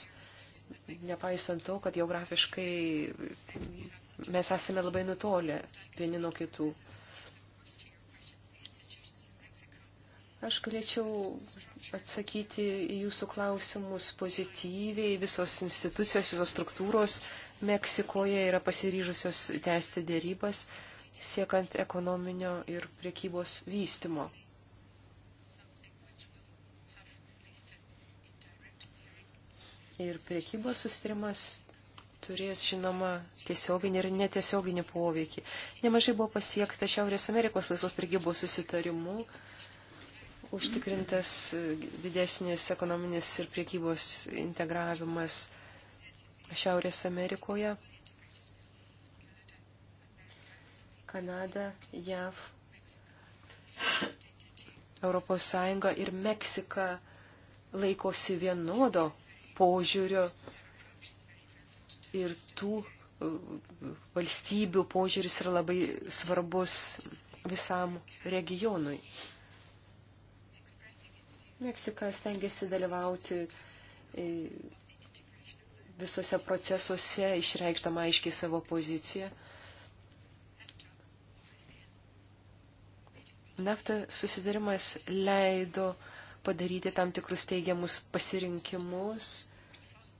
Nepaisant to, kad geografiškai mes esame labai nutolę vieni nuo kitų. Aš galėčiau atsakyti į jūsų klausimus pozityviai. Visos institucijos, visos struktūros Meksikoje yra pasiryžusios tęsti dėrybas siekant ekonominio ir priekybos vystimo. Ir priekybos sustarimas turės, žinoma, tiesioginį ir netiesioginį poveikį. Nemažai buvo pasiekta Šiaurės Amerikos laisvos priekybos susitarimu, užtikrintas didesnis ekonominis ir priekybos integravimas Šiaurės Amerikoje. Kanada, JAV, Europos Sąjunga ir Meksika laikosi vienodo požiūrio ir tų e, valstybių požiūris yra labai svarbus visam regionui. Meksika stengiasi dalyvauti e, visose procesuose, išreikštama aiškiai savo poziciją. Nafta susidarimas leido padaryti tam tikrus teigiamus pasirinkimus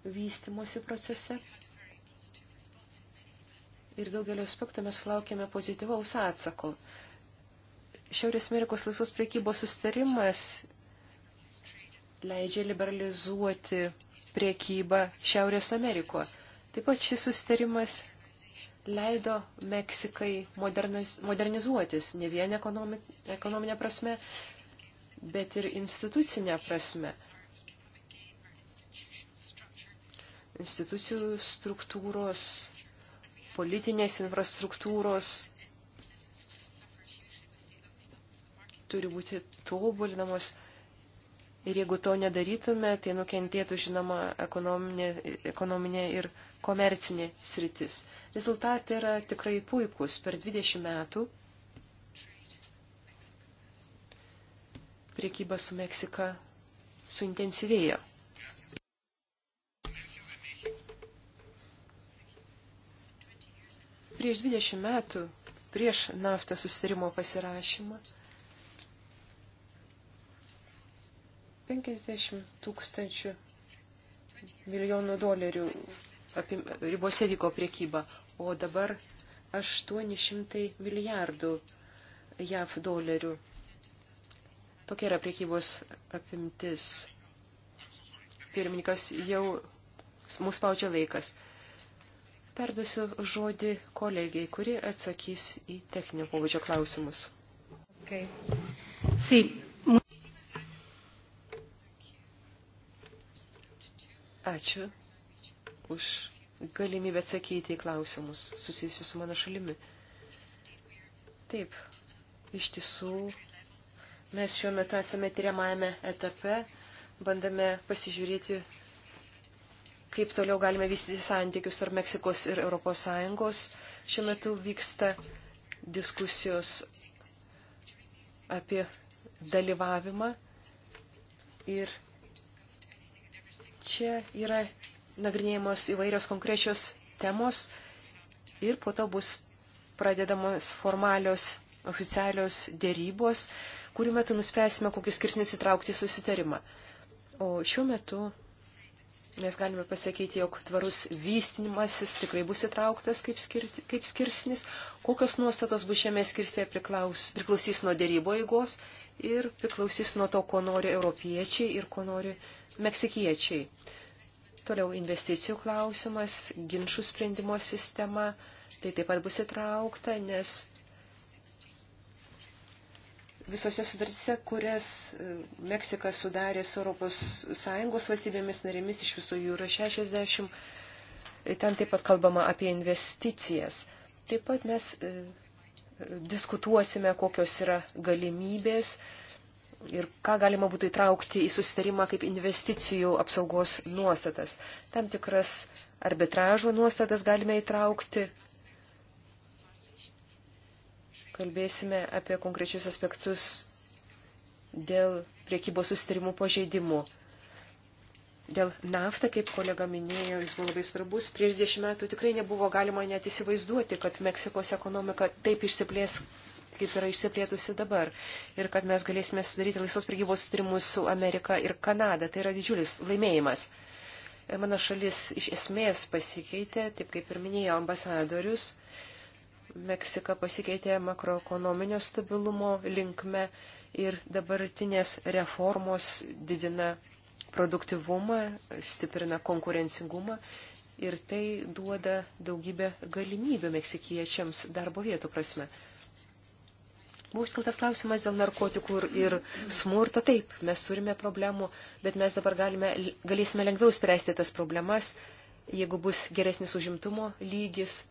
vystimosi procese. Ir daugelio aspektų mes laukiame pozityvaus atsako. Šiaurės Amerikos laisvos priekybos sustarimas leidžia liberalizuoti priekybą Šiaurės Amerikoje. Taip pat šis sustarimas leido Meksikai moderniz, modernizuotis ne vien ekonomi, ekonominė prasme, bet ir institucinė prasme. institucijų struktūros, politinės infrastruktūros turi būti tobulinamos. Ir jeigu to nedarytume, tai nukentėtų, žinoma, ekonominė, ekonominė ir komercinė sritis. Rezultatai yra tikrai puikus. Per 20 metų priekyba su Meksika suintensyvėjo. Prieš 20 metų, prieš naftą susirimo pasirašymą, 50 tūkstančių milijonų dolerių apim, ribose vyko priekyba, o dabar 800 milijardų JAV dolerių. Tokia yra priekybos apimtis. Pirmininkas jau mus spaudžia laikas. Perduosiu žodį kolegijai, kuri atsakys į techninio pobūdžio klausimus. Okay. Sí. Ačiū už galimybę atsakyti į klausimus susijusius su mano šalimi. Taip, iš tiesų, mes šiuo metu esame tyriamajame etape, bandame pasižiūrėti kaip toliau galime vystyti santykius tarp Meksikos ir ES. Šiuo metu vyksta diskusijos apie dalyvavimą ir čia yra nagrinėjamos įvairios konkrečios temos ir po to bus pradedamos formalios oficialios dėrybos, kurių metu nuspręsime, kokius kirsnius įtraukti į susitarimą. O šiuo metu mes galime pasakyti, jog tvarus vystinimasis tikrai bus įtrauktas kaip, skirti, kaip skirsnis, kokios nuostatos bus šiame skirstėje priklaus, priklausys nuo dėrybo eigos ir priklausys nuo to, ko nori europiečiai ir ko nori meksikiečiai. Toliau investicijų klausimas, ginčių sprendimo sistema, tai taip pat bus įtraukta, nes visose sudartyse, kurias e, Meksika sudarė su ES valstybėmis narėmis, iš viso jų yra 60, e, ten taip pat kalbama apie investicijas. Taip pat mes e, diskutuosime, kokios yra galimybės ir ką galima būtų įtraukti į susitarimą kaip investicijų apsaugos nuostatas. Tam tikras arbitražo nuostatas galime įtraukti, kalbėsime apie konkrečius aspektus dėl priekybos sustarimų pažeidimų. Dėl naftą, kaip kolega minėjo, jis buvo labai svarbus. Prieš dešimt metų tikrai nebuvo galima net įsivaizduoti, kad Meksikos ekonomika taip išsiplės, kaip yra išsiplėtusi dabar. Ir kad mes galėsime sudaryti laisvos priekybos sustarimus su Amerika ir Kanada. Tai yra didžiulis laimėjimas. Mano šalis iš esmės pasikeitė, taip kaip ir minėjo ambasadorius. Meksika pasikeitė makroekonominio stabilumo linkme ir dabartinės reformos didina produktivumą, stiprina konkurencingumą ir tai duoda daugybę galimybių meksikiečiams darbo vietų prasme. Buvo skeltas klausimas dėl narkotikų ir, ir smurto. Taip, mes turime problemų, bet mes dabar galime, galėsime lengviau spręsti tas problemas, jeigu bus geresnis užimtumo lygis,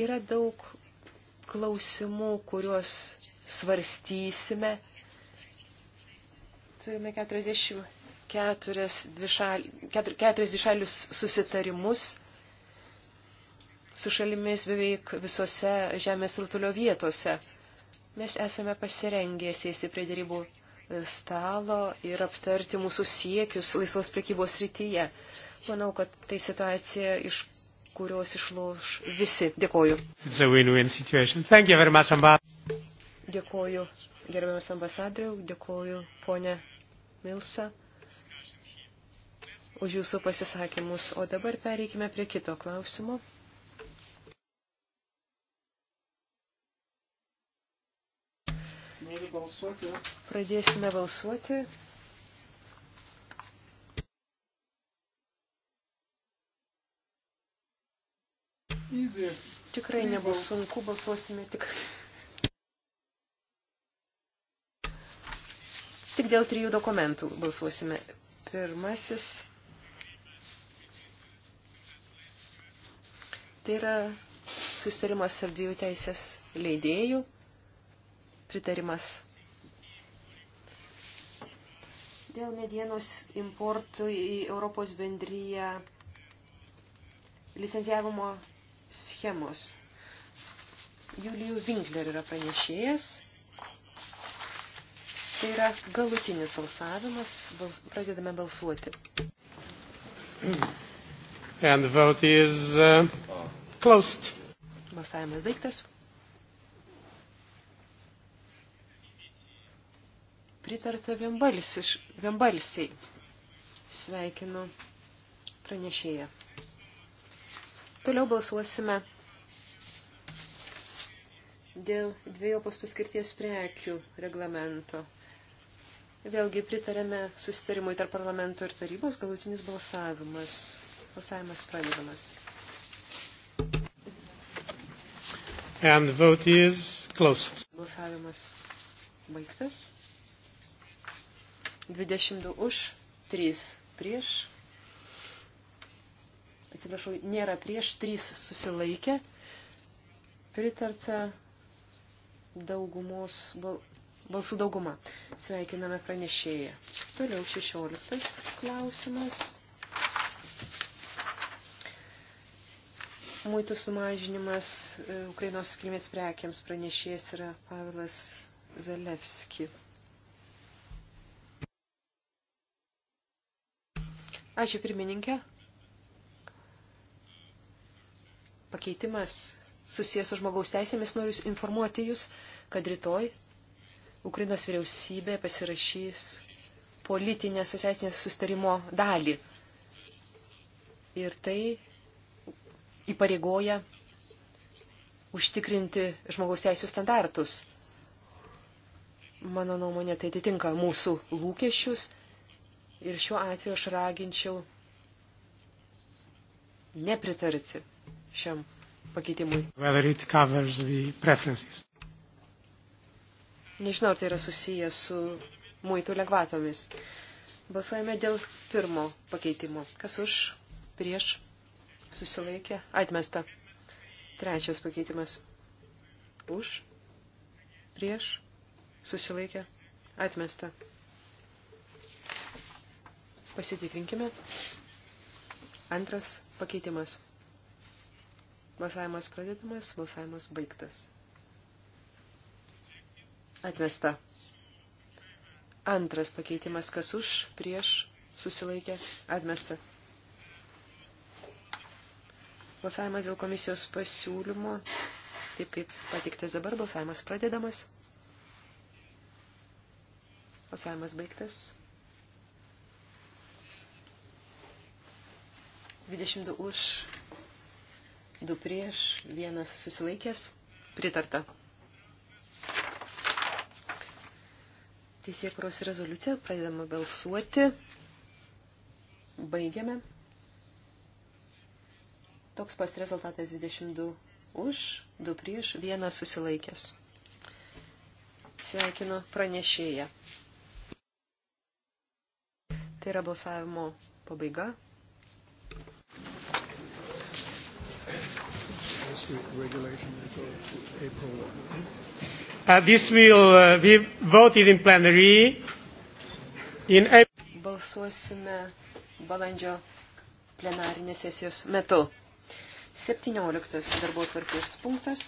Yra daug klausimų, kuriuos svarstysime. Turime 40, 40 dvišalius susitarimus su šalimis beveik visose žemės rutulio vietose. Mes esame pasirengę sėsti prie dėrybų stalo ir aptarti mūsų siekius laisvos prekybos rytyje. Manau, kad tai situacija, iš kurios išloš visi. Dėkoju. Dėkoju, gerbiamas ambasadoriau, dėkoju, ponė Milsa, už jūsų pasisakymus. O dabar pereikime prie kito klausimo. Pradėsime balsuoti. Tikrai nebus sunku, balsuosime tik. Tik dėl trijų dokumentų balsuosime. Pirmasis. Tai yra susitarimas ir dviejų teisės leidėjų pritarimas. Dėl medienos importų į Europos bendryją licenziavimo schemos. Julijų Winkler yra pranešėjas. Tai yra galutinis balsavimas. Bals, pradedame balsuoti. And the vote is uh, closed. Balsavimas baigtas. Pritarta vienbalsiai. Sveikinu pranešėją. Toliau balsuosime dėl dviejopos paskirties prekių reglamento. Vėlgi pritarėme susitarimui tarp parlamento ir tarybos galutinis balsavimas. Balsavimas pradedamas. And the vote is closed. Balsavimas baigtas. 22 už, 3 prieš, atsiprašau, nėra prieš, trys susilaikė, pritarta daugumos, bal, balsų dauguma. Sveikiname pranešėją. Toliau 16 klausimas. Muitų sumažinimas e, Ukrainos kilmės prekiams pranešėjas yra Pavilas Zalevski. Ačiū pirmininkė. pakeitimas susijęs su žmogaus teisėmis, noriu informuoti Jūs, kad rytoj Ukrainos vyriausybė pasirašys politinę socialinės sustarimo dalį. Ir tai įpareigoja užtikrinti žmogaus teisų standartus. Mano nuomonė, tai atitinka mūsų lūkesčius ir šiuo atveju aš raginčiau nepritarti šiam pakeitimui. Nežinau, ar tai yra susiję su muitų lengvatomis. Balsuojame dėl pirmo pakeitimo. Kas už, prieš, susilaikė, atmesta. Trečias pakeitimas. Už, prieš, susilaikė, atmesta. Pasitikrinkime. Antras pakeitimas. Balsavimas pradedamas, balsavimas baigtas. Atmesta. Antras pakeitimas, kas už, prieš, susilaikė, atmesta. Balsavimas dėl komisijos pasiūlymo, taip kaip patiktas dabar, balsavimas pradedamas. Balsavimas baigtas. 22 už, du prieš, vienas susilaikęs, pritarta. Teisėkuros rezoliucija, pradedama balsuoti, baigiame. Toks pats rezultatas 22 už, 2 prieš, 1 susilaikęs. Sveikinu pranešėją. Tai yra balsavimo pabaiga. regulation until April. Uh, this will uh, be voted in plenary in April. Balsuosime balandžio plenarinės sesijos metu. 17 darbo tvarkės punktas.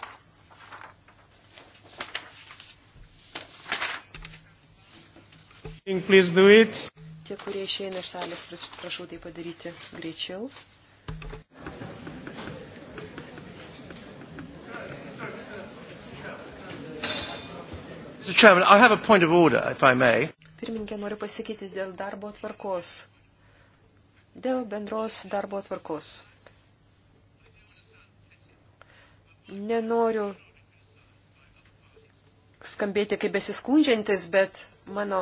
Please do it. Tie, kurie išeina iš salės, prašau tai padaryti greičiau. Mr. Chairman, I have a point of order, if I may. Pirmininkė, noriu pasakyti dėl darbo tvarkos. Dėl bendros darbo tvarkos. Nenoriu skambėti kaip besiskundžiantis, bet mano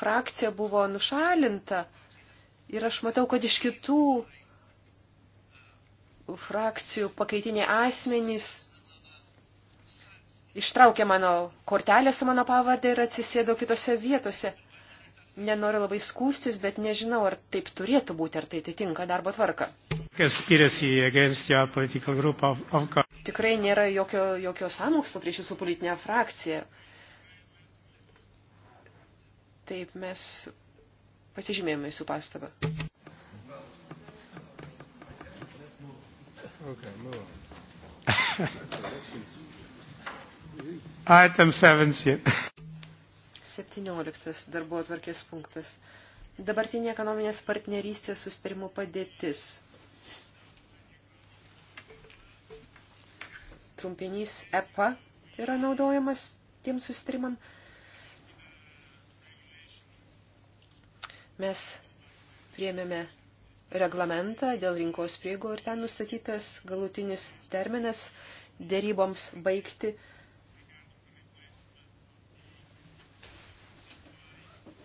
frakcija buvo nušalinta ir aš matau, kad iš kitų frakcijų pakaitiniai asmenys ištraukė mano kortelę su mano pavardė ir atsisėdo kitose vietose. Nenoriu labai skūstis, bet nežinau, ar taip turėtų būti, ar tai atitinka darbo tvarką. Tikrai nėra jokio, jokio samokslo prieš jūsų politinę frakciją. Taip mes pasižymėjome jūsų pastabą. Okay, move on. [LAUGHS] Item 17. 17 darbo atvarkės punktas. Dabartinė ekonominės partnerystės sustarimų padėtis. Trumpinys EPA yra naudojamas tiem sustarimam. Mes priemėme reglamentą dėl rinkos priego ir ten nustatytas galutinis terminas dėryboms baigti –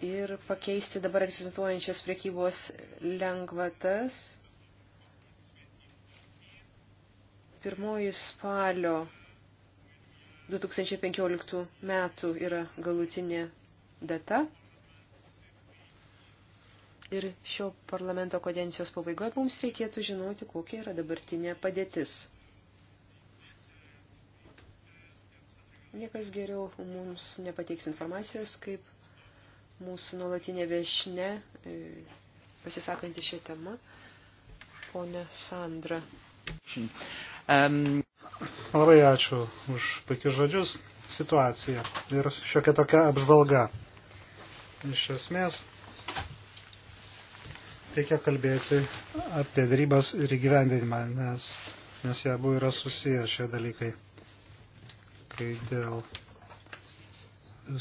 ir pakeisti dabar egzistuojančias priekybos lengvatas. Pirmoji spalio 2015 metų yra galutinė data. Ir šio parlamento kodencijos pabaigoje mums reikėtų žinoti, kokia yra dabartinė padėtis. Niekas geriau mums nepateiks informacijos, kaip mūsų nuolatinė viešne, e, pasisakanti šią temą, ponė Sandra. Um. Labai ačiū už puikius žodžius, situacija ir šiokia tokia apžvalga. Iš esmės, reikia kalbėti apie darybas ir įgyvendinimą, nes, nes jie abu yra susiję šie dalykai. Kai dėl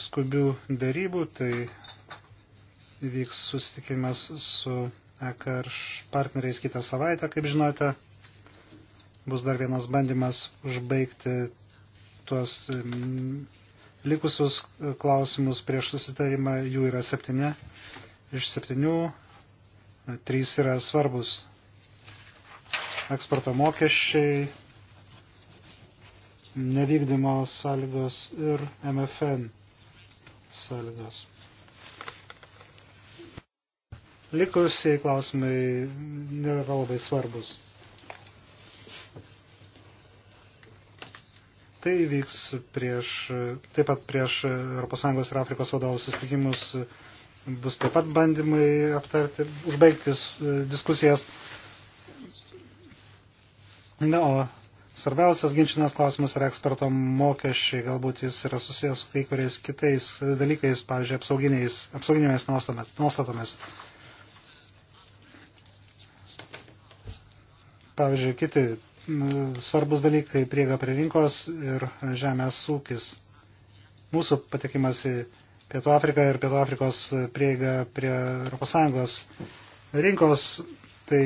skubių darybų, tai įvyks susitikimas su EKR partneriais kitą savaitę, kaip žinote. Bus dar vienas bandymas užbaigti tuos likusius e, klausimus prieš susitarimą. Jų yra septyni. Iš septynių e, trys yra svarbus. Eksporto mokesčiai, nevykdymo sąlygos ir MFN sąlygos. Likusiai klausimai nėra labai svarbus. Tai vyks prieš, taip pat prieš ES ir Afrikos vadovų sustikimus bus taip pat bandymai aptarti, užbaigti diskusijas. Na, o svarbiausias ginčinas klausimas yra eksperto mokesčiai, galbūt jis yra susijęs su kai kuriais kitais dalykais, pavyzdžiui, apsauginėmis nuostatomis. Pavyzdžiui, kiti svarbus dalykai - prieiga prie rinkos ir žemės ūkis. Mūsų patekimas į Pietų Afriką ir Pietų Afrikos prieiga prie ES rinkos, tai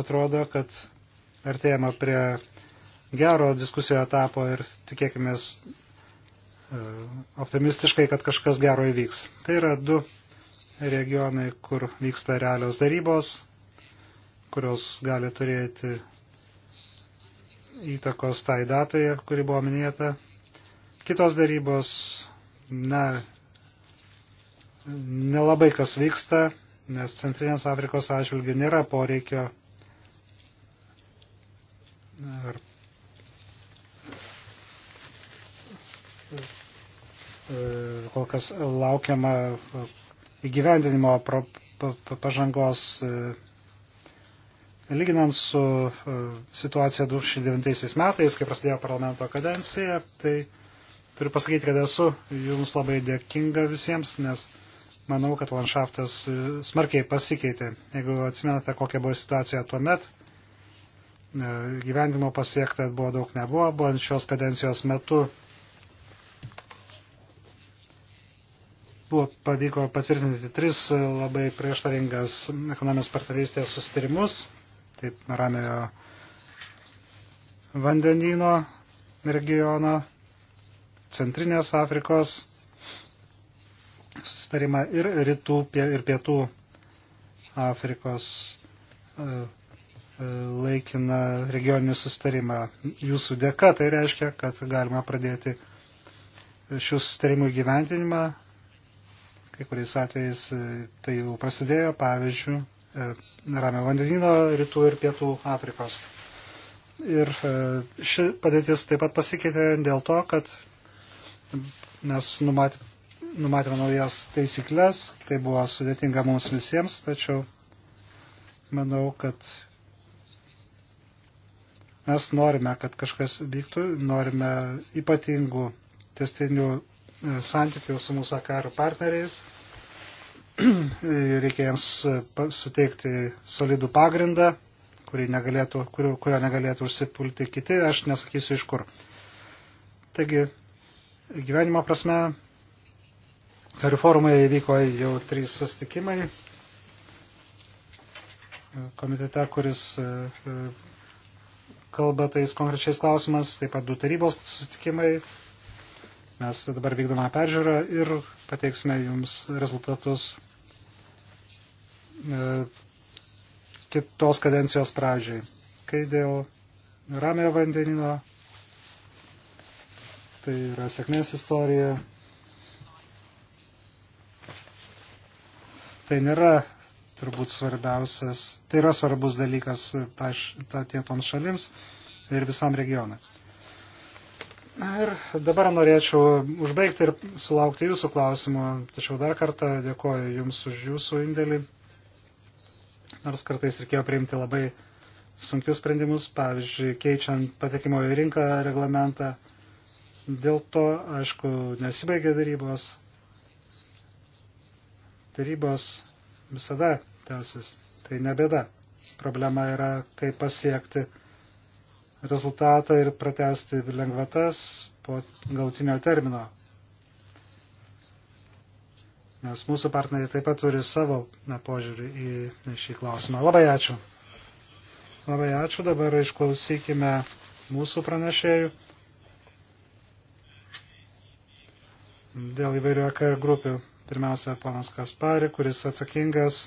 atrodo, kad artėjama prie gero diskusijų etapo ir tikėkime optimistiškai, kad kažkas gero įvyks. Tai yra du regionai, kur vyksta realios darybos, kurios gali turėti įtakos tai datai, kuri buvo minėta. Kitos darybos, na, nelabai kas vyksta, nes Centrinės Afrikos atžvilgių nėra poreikio ar kol kas laukiama įgyvendinimo pažangos Lyginant su e, situacija 2009 metais, kai prasidėjo parlamento kadencija, tai turiu pasakyti, kad esu jums labai dėkinga visiems, nes manau, kad landšaftas e, smarkiai pasikeitė. Jeigu atsimenate, kokia buvo situacija tuo met, e, gyvenimo pasiekta buvo daug nebuvo, buvo šios kadencijos metu buvo pavyko patvirtinti tris labai prieštaringas ekonomijos partnerystės sustarimus kaip Ramiojo vandenino regiono, Centrinės Afrikos sustarimą ir rytų ir pietų Afrikos e, e, laikiną regioninį sustarimą. Jūsų dėka tai reiškia, kad galima pradėti šių sustarimų gyventinimą. Kai kuriais atvejais e, tai jau prasidėjo, pavyzdžiui, E, Ramio vandenino rytų ir pietų Afrikos. Ir e, ši padėtis taip pat pasikeitė dėl to, kad mes numat, numatėme naujas taisyklės, tai buvo sudėtinga mums visiems, tačiau manau, kad mes norime, kad kažkas vyktų, norime ypatingų testinių e, santykių su mūsų karo partneriais [CLEARS THROAT] reikia jiems e, suteikti solidų pagrindą, negalėtų, kurio, kurio negalėtų užsipulti kiti, aš nesakysiu iš kur. Taigi, gyvenimo prasme, karių forumai vyko jau trys sustikimai komitete, kuris e, e, kalba tais konkrečiais klausimas, taip pat du tarybos susitikimai, Mes dabar vykdome peržiūrą ir pateiksime jums rezultatus e, kitos kadencijos pradžiai. Kai dėl ramio vandenino, tai yra sėkmės istorija. Tai nėra turbūt svarbiausias, tai yra svarbus dalykas ta, ta, tie toms šalims ir visam regionui. Na ir dabar norėčiau užbaigti ir sulaukti jūsų klausimų, tačiau dar kartą dėkoju Jums už Jūsų indėlį. Nors kartais reikėjo priimti labai sunkius sprendimus, pavyzdžiui, keičiant patekimo į rinką reglamentą. Dėl to, aišku, nesibaigė darybos. Darybos visada tęsis. Tai nebėda. Problema yra, kaip pasiekti rezultatą ir pratesti lengvatas po galtinio termino. Nes mūsų partneriai taip pat turi savo na, požiūrį į šį klausimą. Labai ačiū. Labai ačiū. Dabar išklausykime mūsų pranešėjų dėl įvairių AKR grupių. Pirmiausia, panas Kaspari, kuris atsakingas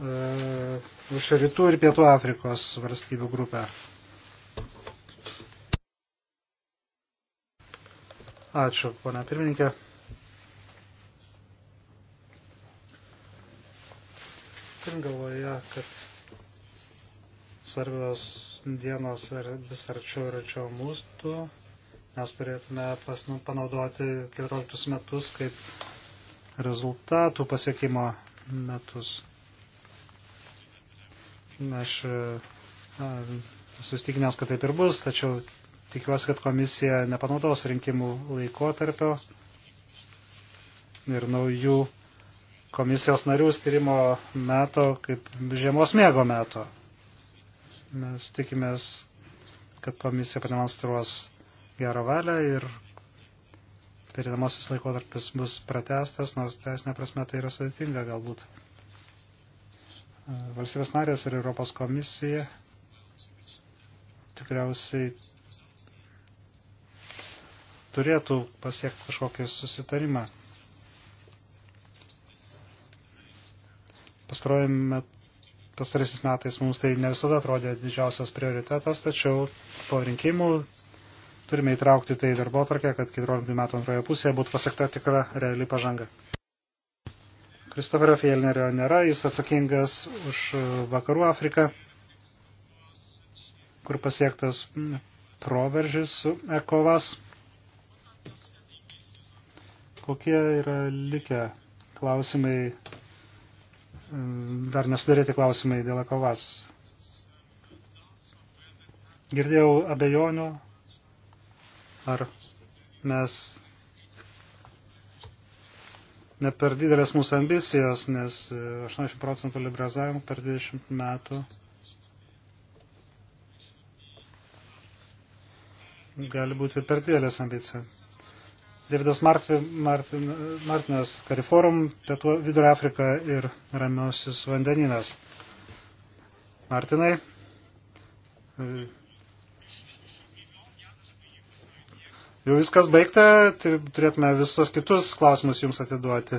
e, už Rytų ir Pietų Afrikos valstybių grupę. Ačiū, pana pirmininkė. Turim galvoje, kad svarbios dienos vis arčiau ir arčiau mūsų. Mes turėtume panaudoti 14 metus kaip rezultatų pasiekimo metus. Aš e, sustikinęs, kad taip ir bus, tačiau tikiuosi, kad komisija nepanaudos rinkimų laikotarpio ir naujų komisijos narių skirimo meto kaip žiemos mėgo meto. Mes tikimės, kad komisija pademonstruos gerą valią ir perinamasis laikotarpis bus pratestas, nors teisinė prasme tai yra sudėtinga galbūt valstybės narės ir Europos komisija tikriausiai turėtų pasiekti kažkokį susitarimą. Pastarojame pastarysis metais mums tai ne visada atrodė didžiausias prioritetas, tačiau po rinkimų turime įtraukti tai darbo tarkę, kad 14 metų antroje pusėje būtų pasiekta tikra reali pažanga. Kristoferio Fielnerio nėra, jis atsakingas už e, Vakarų Afriką, kur pasiektas proveržis su ECOVAS. Kokie yra likę klausimai, e, dar nesudarėti klausimai dėl ECOVAS? Girdėjau abejonių, ar mes ne per didelės mūsų ambicijos, nes 80 e, procentų liberalizavimo per 20 metų gali būti per didelės ambicijos. Davidas Martin, Martin, Martinas Kariforum, Pietų Vidurio Afrika ir Ramiausius vandeninas. Martinai, e, jau viskas baigta, tai turėtume visus kitus klausimus jums atiduoti,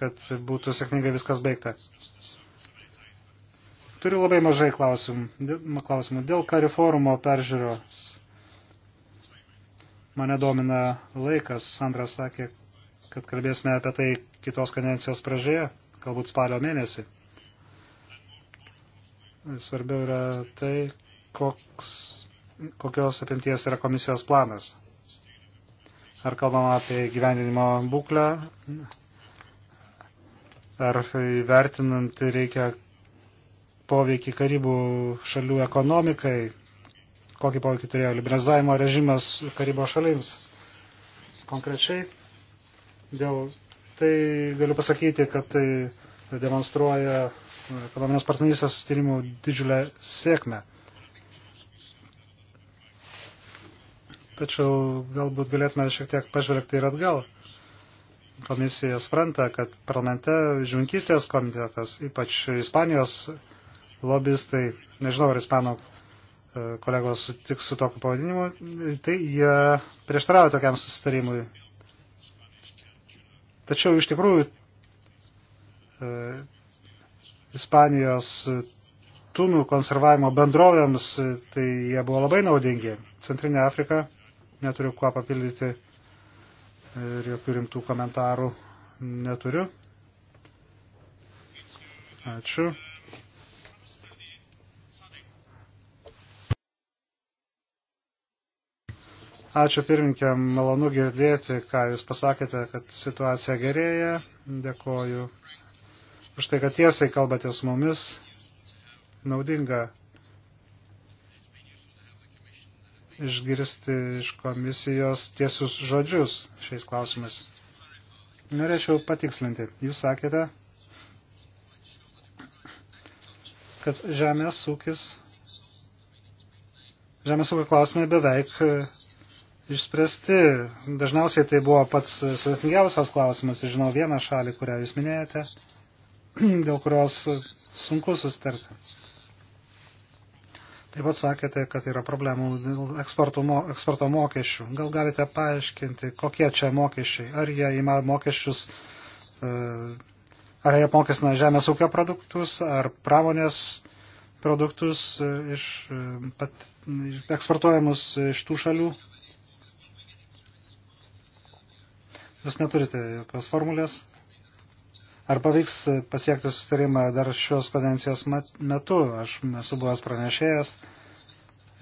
kad būtų sėkmingai viskas baigta. Turiu labai mažai klausimų, klausimų. dėl kariforumo peržiūros. Mane domina laikas. Sandra sakė, kad kalbėsime apie tai kitos kadencijos pražėje, galbūt spalio mėnesį. Svarbiau yra tai, koks, kokios apimties yra komisijos planas. Ar kalbama apie gyvendinimo būklę, ar vertinant reikia poveikį Karibų šalių ekonomikai, kokį poveikį turėjo liberalizavimo režimas Karibo šalims. Konkrečiai dėl tai galiu pasakyti, kad tai demonstruoja ekonominės partnerystės tyrimų didžiulę sėkmę. tačiau galbūt galėtume šiek tiek pažvelgti ir atgal. Komisija supranta, kad parlamente žvinkystės komitetas, ypač Ispanijos lobistai, nežinau ar Ispanų e, kolegos sutiks su tokiu pavadinimu, tai jie prieštarauja tokiam susitarimui. Tačiau iš tikrųjų e, Ispanijos tunų konservavimo bendrovėms, e, tai jie buvo labai naudingi. Centrinė Afrika neturiu kuo papildyti ir jokių rimtų komentarų neturiu. Ačiū. Ačiū pirminkė, malonu girdėti, ką Jūs pasakėte, kad situacija gerėja. Dėkoju už tai, kad tiesiai kalbate su mumis. Naudinga išgirsti iš komisijos tiesius žodžius šiais klausimais. Norėčiau patikslinti. Jūs sakėte, kad žemės ūkis, žemės ūkio klausimai beveik e, išspręsti. Dažniausiai tai buvo pats sudėtingiausias klausimas. Žinau vieną šalį, kurią jūs minėjote, [CLEARS THROAT] dėl kurios sunku sustarti. Taip pat sakėte, kad yra problemų dėl eksporto, mo, eksporto mokesčių. Gal galite paaiškinti, kokie čia mokesčiai? Ar jie ima mokesčius, e, ar jie apmokestina žemės ūkio produktus, ar pramonės produktus e, iš e, pat, eksportuojamus iš tų šalių? Jūs neturite jokios formulės. Ar pavyks pasiekti sustarimą dar šios kadencijos metu? Aš esu buvęs pranešėjęs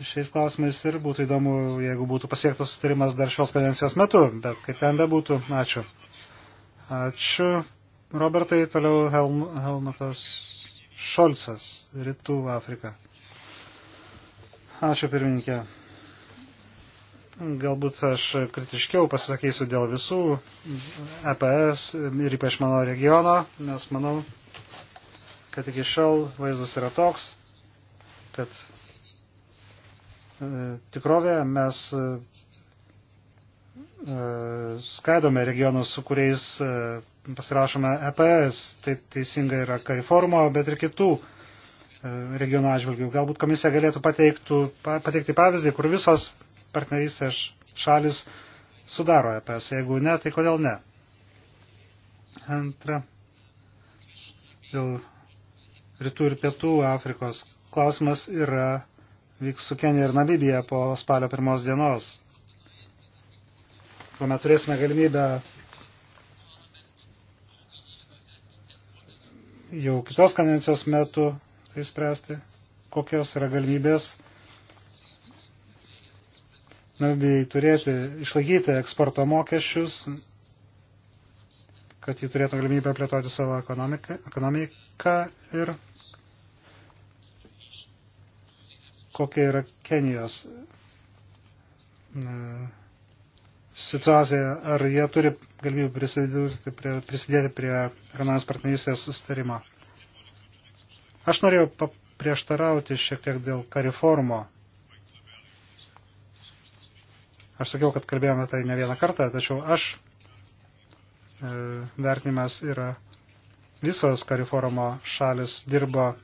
šiais klausimais ir būtų įdomu, jeigu būtų pasiektas sustarimas dar šios kadencijos metu, bet kaip ten bebūtų, ačiū. Ačiū. Robertai, toliau Helm, Helmutas Šolcas, Rytų Afrika. Ačiū pirmininkė. Galbūt aš kritiškiau pasisakysiu dėl visų EPS ir ypač mano regiono, nes manau, kad iki šiol vaizdas yra toks, kad e, tikrovėje mes e, e, skaidome regionus, su kuriais pasirašome EPS, tai teisinga yra Kariforumo, bet ir kitų regionų atžvilgių. Galbūt komisija galėtų pateiktų, pateikti pavyzdį, kur visos partnerystės tai šalis sudaro EPS. Jeigu ne, tai kodėl ne? Antra, dėl rytų ir pietų Afrikos klausimas yra vyks su Kenija ir Namibija po spalio pirmos dienos. Tuomet turėsime galimybę jau kitos kadencijos metu tai spręsti, kokios yra galimybės bei turėti, išlaikyti eksporto mokesčius, kad jį turėtų galimybę plėtoti savo ekonomiką, ekonomiką ir kokia yra Kenijos e, situacija, ar jie turi galimybę prisidėti prie, prisidėti prie ekonominės partnerystės sustarimo. Aš norėjau paprieštarauti šiek tiek dėl kariformo. Aš sakiau, kad kalbėjome tai ne vieną kartą, tačiau aš e, vertinimas yra visos kariforumo šalis dirbo e,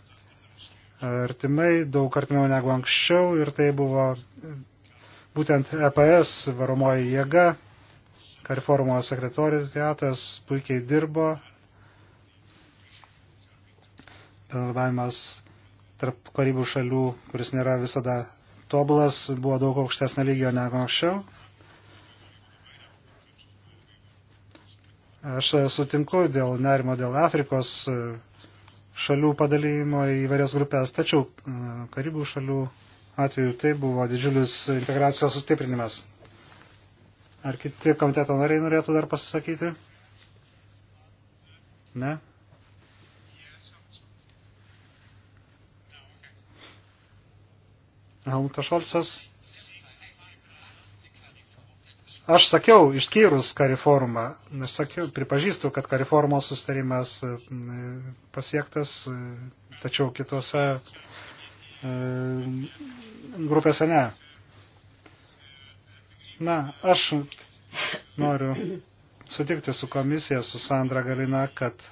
artimai, daug artimiau negu anksčiau ir tai buvo e, būtent EPS varomoji jėga, kariforumo sekretoriatas puikiai dirbo, bendradarbiavimas tarp karybų šalių, kuris nėra visada tobulas buvo daug aukštesnė lygio negu anksčiau. Aš sutinku dėl nerimo dėl Afrikos e, šalių padalymo į varias grupės, tačiau e, Karibų šalių atveju tai buvo didžiulis integracijos sustiprinimas. Ar kiti komiteto nariai norėtų dar pasisakyti? Ne? Helmutas Šolcas. Aš sakiau, išskyrus kariformą, aš sakiau, pripažįstu, kad kariformos sustarimas mm, pasiektas, tačiau kitose mm, grupėse ne. Na, aš noriu sutikti su komisija, su Sandra Galina, kad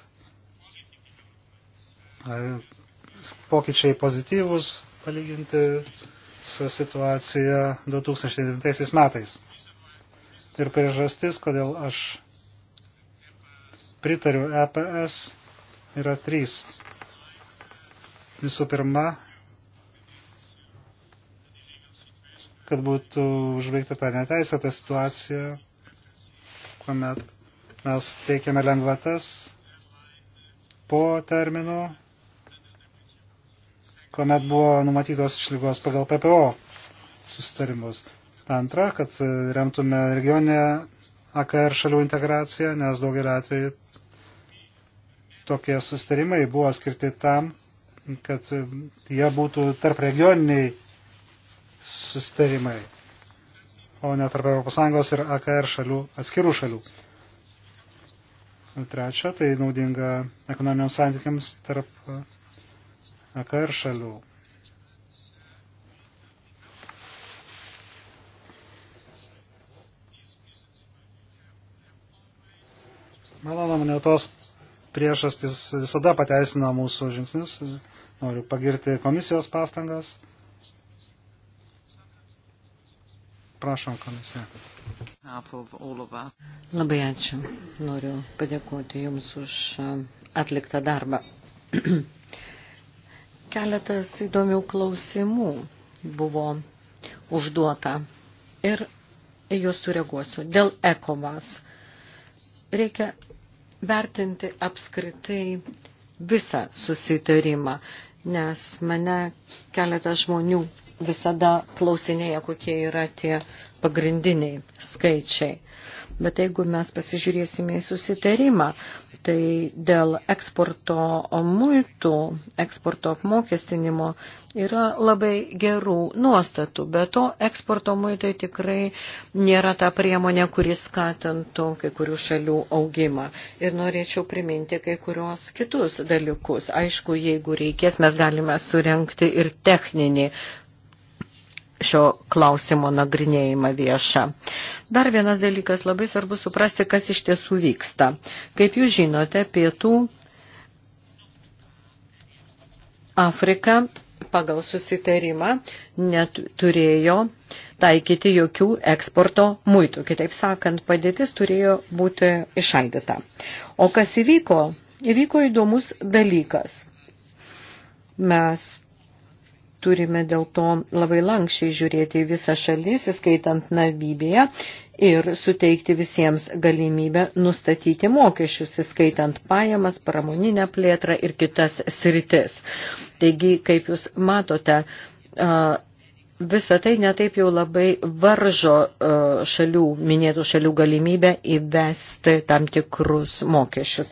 e, pokyčiai pozityvus palyginti su situacija 2009 metais. Ir priežastis, kodėl aš pritariu EPS, yra trys. Visų pirma, kad būtų užveikta ta neteisėta situacija, kuomet mes teikiame lengvatas po terminų kuomet buvo numatytos išlygos pagal PPO sustarimus. Antra, kad remtume regioninę AKR šalių integraciją, nes daugelį atvejų tokie sustarimai buvo skirti tam, kad jie būtų tarp regioniniai sustarimai, o ne tarp ES ir AKR šalių, atskirų šalių. Trečia, tai naudinga ekonominiams santykiams tarp AKR šalių. Mano nuomonė, tos priežastys visada pateisino mūsų žingsnius. Noriu pagirti komisijos pastangas. Prašom, komisija. Labai ačiū. Noriu padėkoti Jums už atliktą darbą. [CLEARS THROAT] Keletas įdomių klausimų buvo užduota ir juos sureaguosiu. Dėl ekovas reikia vertinti apskritai visą susitarimą, nes mane keletas žmonių visada klausinėja, kokie yra tie pagrindiniai skaičiai. Bet jeigu mes pasižiūrėsime į susitarimą, tai dėl eksporto muitų, eksporto apmokestinimo yra labai gerų nuostatų. Be to, eksporto muitai tikrai nėra ta priemonė, kuris skatintų kai kurių šalių augimą. Ir norėčiau priminti kai kurios kitus dalykus. Aišku, jeigu reikės, mes galime surenkti ir techninį šio klausimo nagrinėjimą viešą. Dar vienas dalykas, labai svarbu suprasti, kas iš tiesų vyksta. Kaip jūs žinote, pietų Afrika pagal susitarimą neturėjo taikyti jokių eksporto muitų. Kitaip sakant, padėtis turėjo būti išaidyta. O kas įvyko? Įvyko įdomus dalykas. Mes turime dėl to labai lankščiai žiūrėti į visą šalis, įskaitant Namibiją, ir suteikti visiems galimybę nustatyti mokesčius, įskaitant pajamas, pramoninę plėtrą ir kitas sritis. Taigi, kaip jūs matote, Visą tai netaip jau labai varžo šalių, minėtų šalių galimybę įvesti tam tikrus mokesčius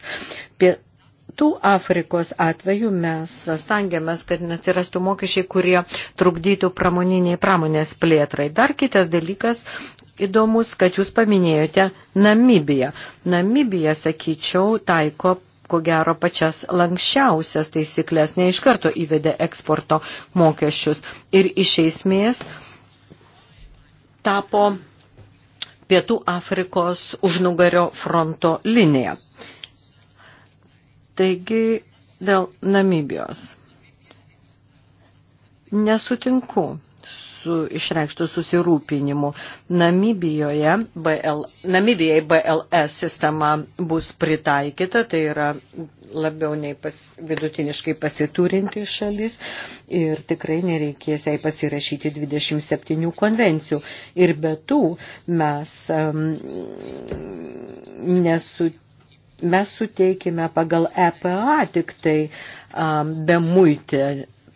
pietų Afrikos atveju mes stangiamės, kad neatsirastų mokesčiai, kurie trukdytų pramoniniai pramonės plėtrai. Dar kitas dalykas įdomus, kad jūs paminėjote Namibiją. Namibija, sakyčiau, taiko ko gero pačias lankščiausias taisyklės, ne iš karto įvedė eksporto mokesčius ir iš esmės tapo Pietų Afrikos užnugario fronto linija. Taigi dėl Namibijos. Nesutinku su išreikštų susirūpinimu. Namibijoje BL, Namibijai BLS sistema bus pritaikyta, tai yra labiau nei pas, vidutiniškai pasiturinti šalis ir tikrai nereikės jai pasirašyti 27 konvencijų. Ir be tų mes um, nesutinkame mes suteikime pagal EPA tik tai be muitį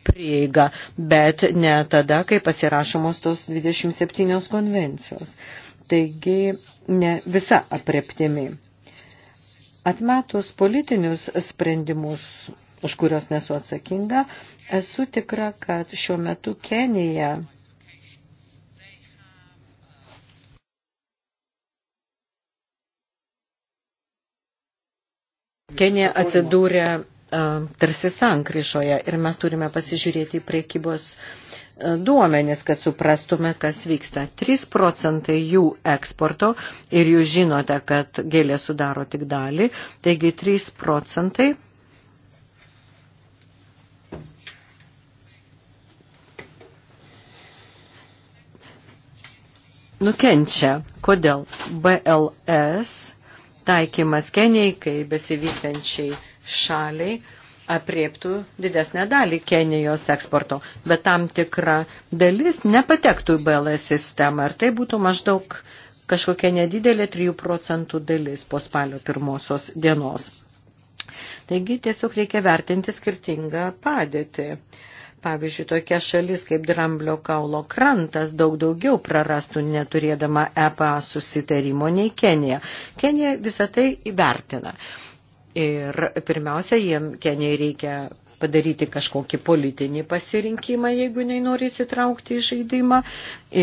prieigą, bet ne tada, kai pasirašomos tos 27 konvencijos. Taigi ne visa apreptimi. Atmetus politinius sprendimus, už kurios nesu atsakinga, esu tikra, kad šiuo metu Kenija Kenija atsidūrė tarsi sankryšoje ir mes turime pasižiūrėti į priekybos duomenis, kad suprastume, kas vyksta. 3 procentai jų eksporto ir jūs žinote, kad gėlė sudaro tik dalį, taigi 3 procentai. Nukenčia. Kodėl? BLS taikymas Kenijai, kai besivystančiai šaliai apriektų didesnę dalį Kenijos eksporto, bet tam tikra dalis nepatektų į BLS sistemą ir tai būtų maždaug kažkokia nedidelė 3 procentų dalis po spalio pirmosios dienos. Taigi tiesiog reikia vertinti skirtingą padėtį. Uh, Pavyzdžiui, tokia šalis kaip Dramblio kaulo krantas daug daugiau prarastų neturėdama EPA susitarimo nei Kenija. Kenija visą tai įvertina. Ir pirmiausia, jiem Kenijai reikia padaryti kažkokį politinį pasirinkimą, jeigu jinai nori įsitraukti į žaidimą.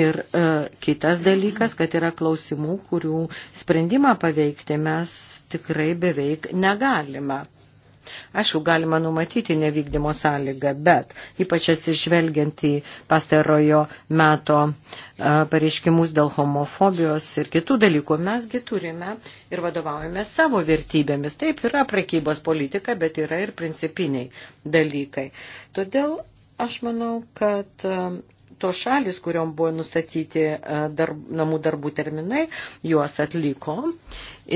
Ir e, kitas dalykas, kad yra klausimų, kurių sprendimą paveikti mes tikrai beveik negalime. Aišku, galima numatyti nevykdymo sąlygą, bet ypač atsižvelgiant į pastarojo meto e, pareiškimus dėl homofobijos ir kitų dalykų, mesgi turime ir vadovaujame savo vertybėmis. Taip yra prekybos politika, bet yra ir principiniai dalykai. Todėl aš manau, kad e, to šalis, kuriuom buvo nustatyti e, darb, namų darbų terminai, juos atliko.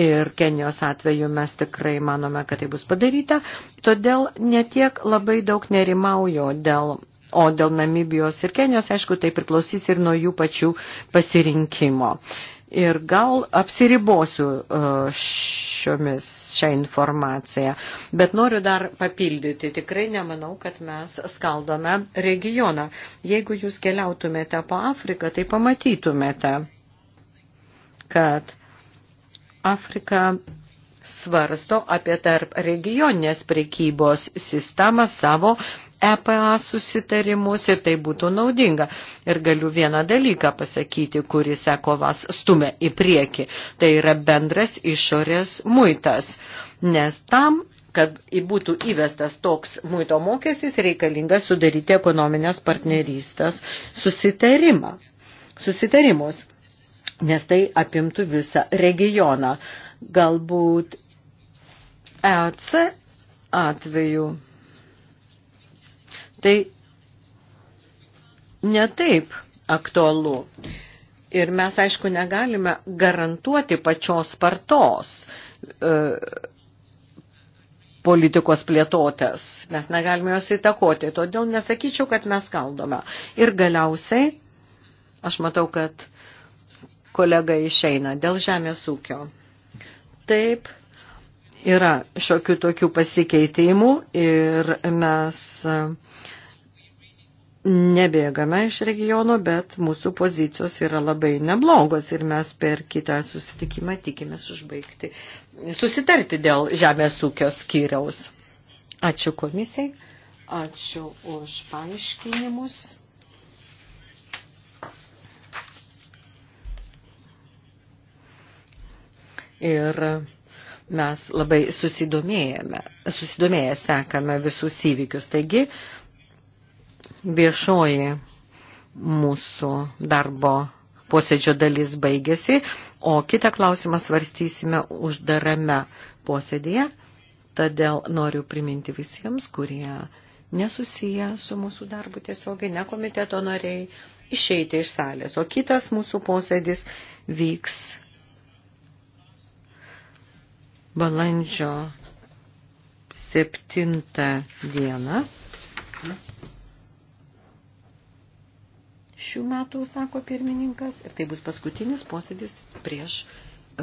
Ir Kenijos atveju mes tikrai manome, kad tai bus padaryta. Todėl netiek labai daug nerimaujo dėl O dėl Namibijos ir Kenijos, aišku, tai priklausys ir nuo jų pačių pasirinkimo. Ir gal apsiribosiu e, šiomis šią informaciją, bet noriu dar papildyti. Tikrai nemanau, kad mes skaldome regioną. Jeigu jūs keliautumėte po Afriką, tai pamatytumėte, kad Afrika svarsto apie tarp regioninės prekybos sistemą savo EPA susitarimus ir tai būtų naudinga. Ir galiu vieną dalyką pasakyti, kuris ekovas stumia į priekį. Tai yra bendras išorės muitas. Nes tam kad būtų įvestas toks muito mokestis, reikalinga sudaryti ekonominės partnerystės susitarimą, susitarimus, nes tai apimtų visą regioną. Galbūt EC atveju tai netaip aktualu. Ir mes, aišku, negalime garantuoti pačios spartos e, politikos plėtotės. Mes negalime jos įtakoti. Todėl nesakyčiau, kad mes kaldome. Ir galiausiai, aš matau, kad kolega išeina dėl žemės ūkio. Taip, yra šiokių tokių pasikeitimų ir mes. E, nebėgame iš regiono, bet mūsų pozicijos yra labai neblogos ir mes per kitą susitikimą tikimės užbaigti, susitarti dėl žemės ūkio skyriaus. Ačiū komisijai, ačiū už paaiškinimus. Ir mes labai susidomėjame, susidomėję sekame visus įvykius. Taigi, viešoji mūsų darbo posėdžio dalis baigėsi, o kitą klausimą svarstysime uždarame posėdėje. Todėl noriu priminti visiems, kurie nesusiję su mūsų darbu tiesiogiai, ne komiteto nariai, išeiti iš salės. O kitas mūsų posėdis vyks balandžio 7 dieną. šių metų, sako pirmininkas, ir tai bus paskutinis posėdis prieš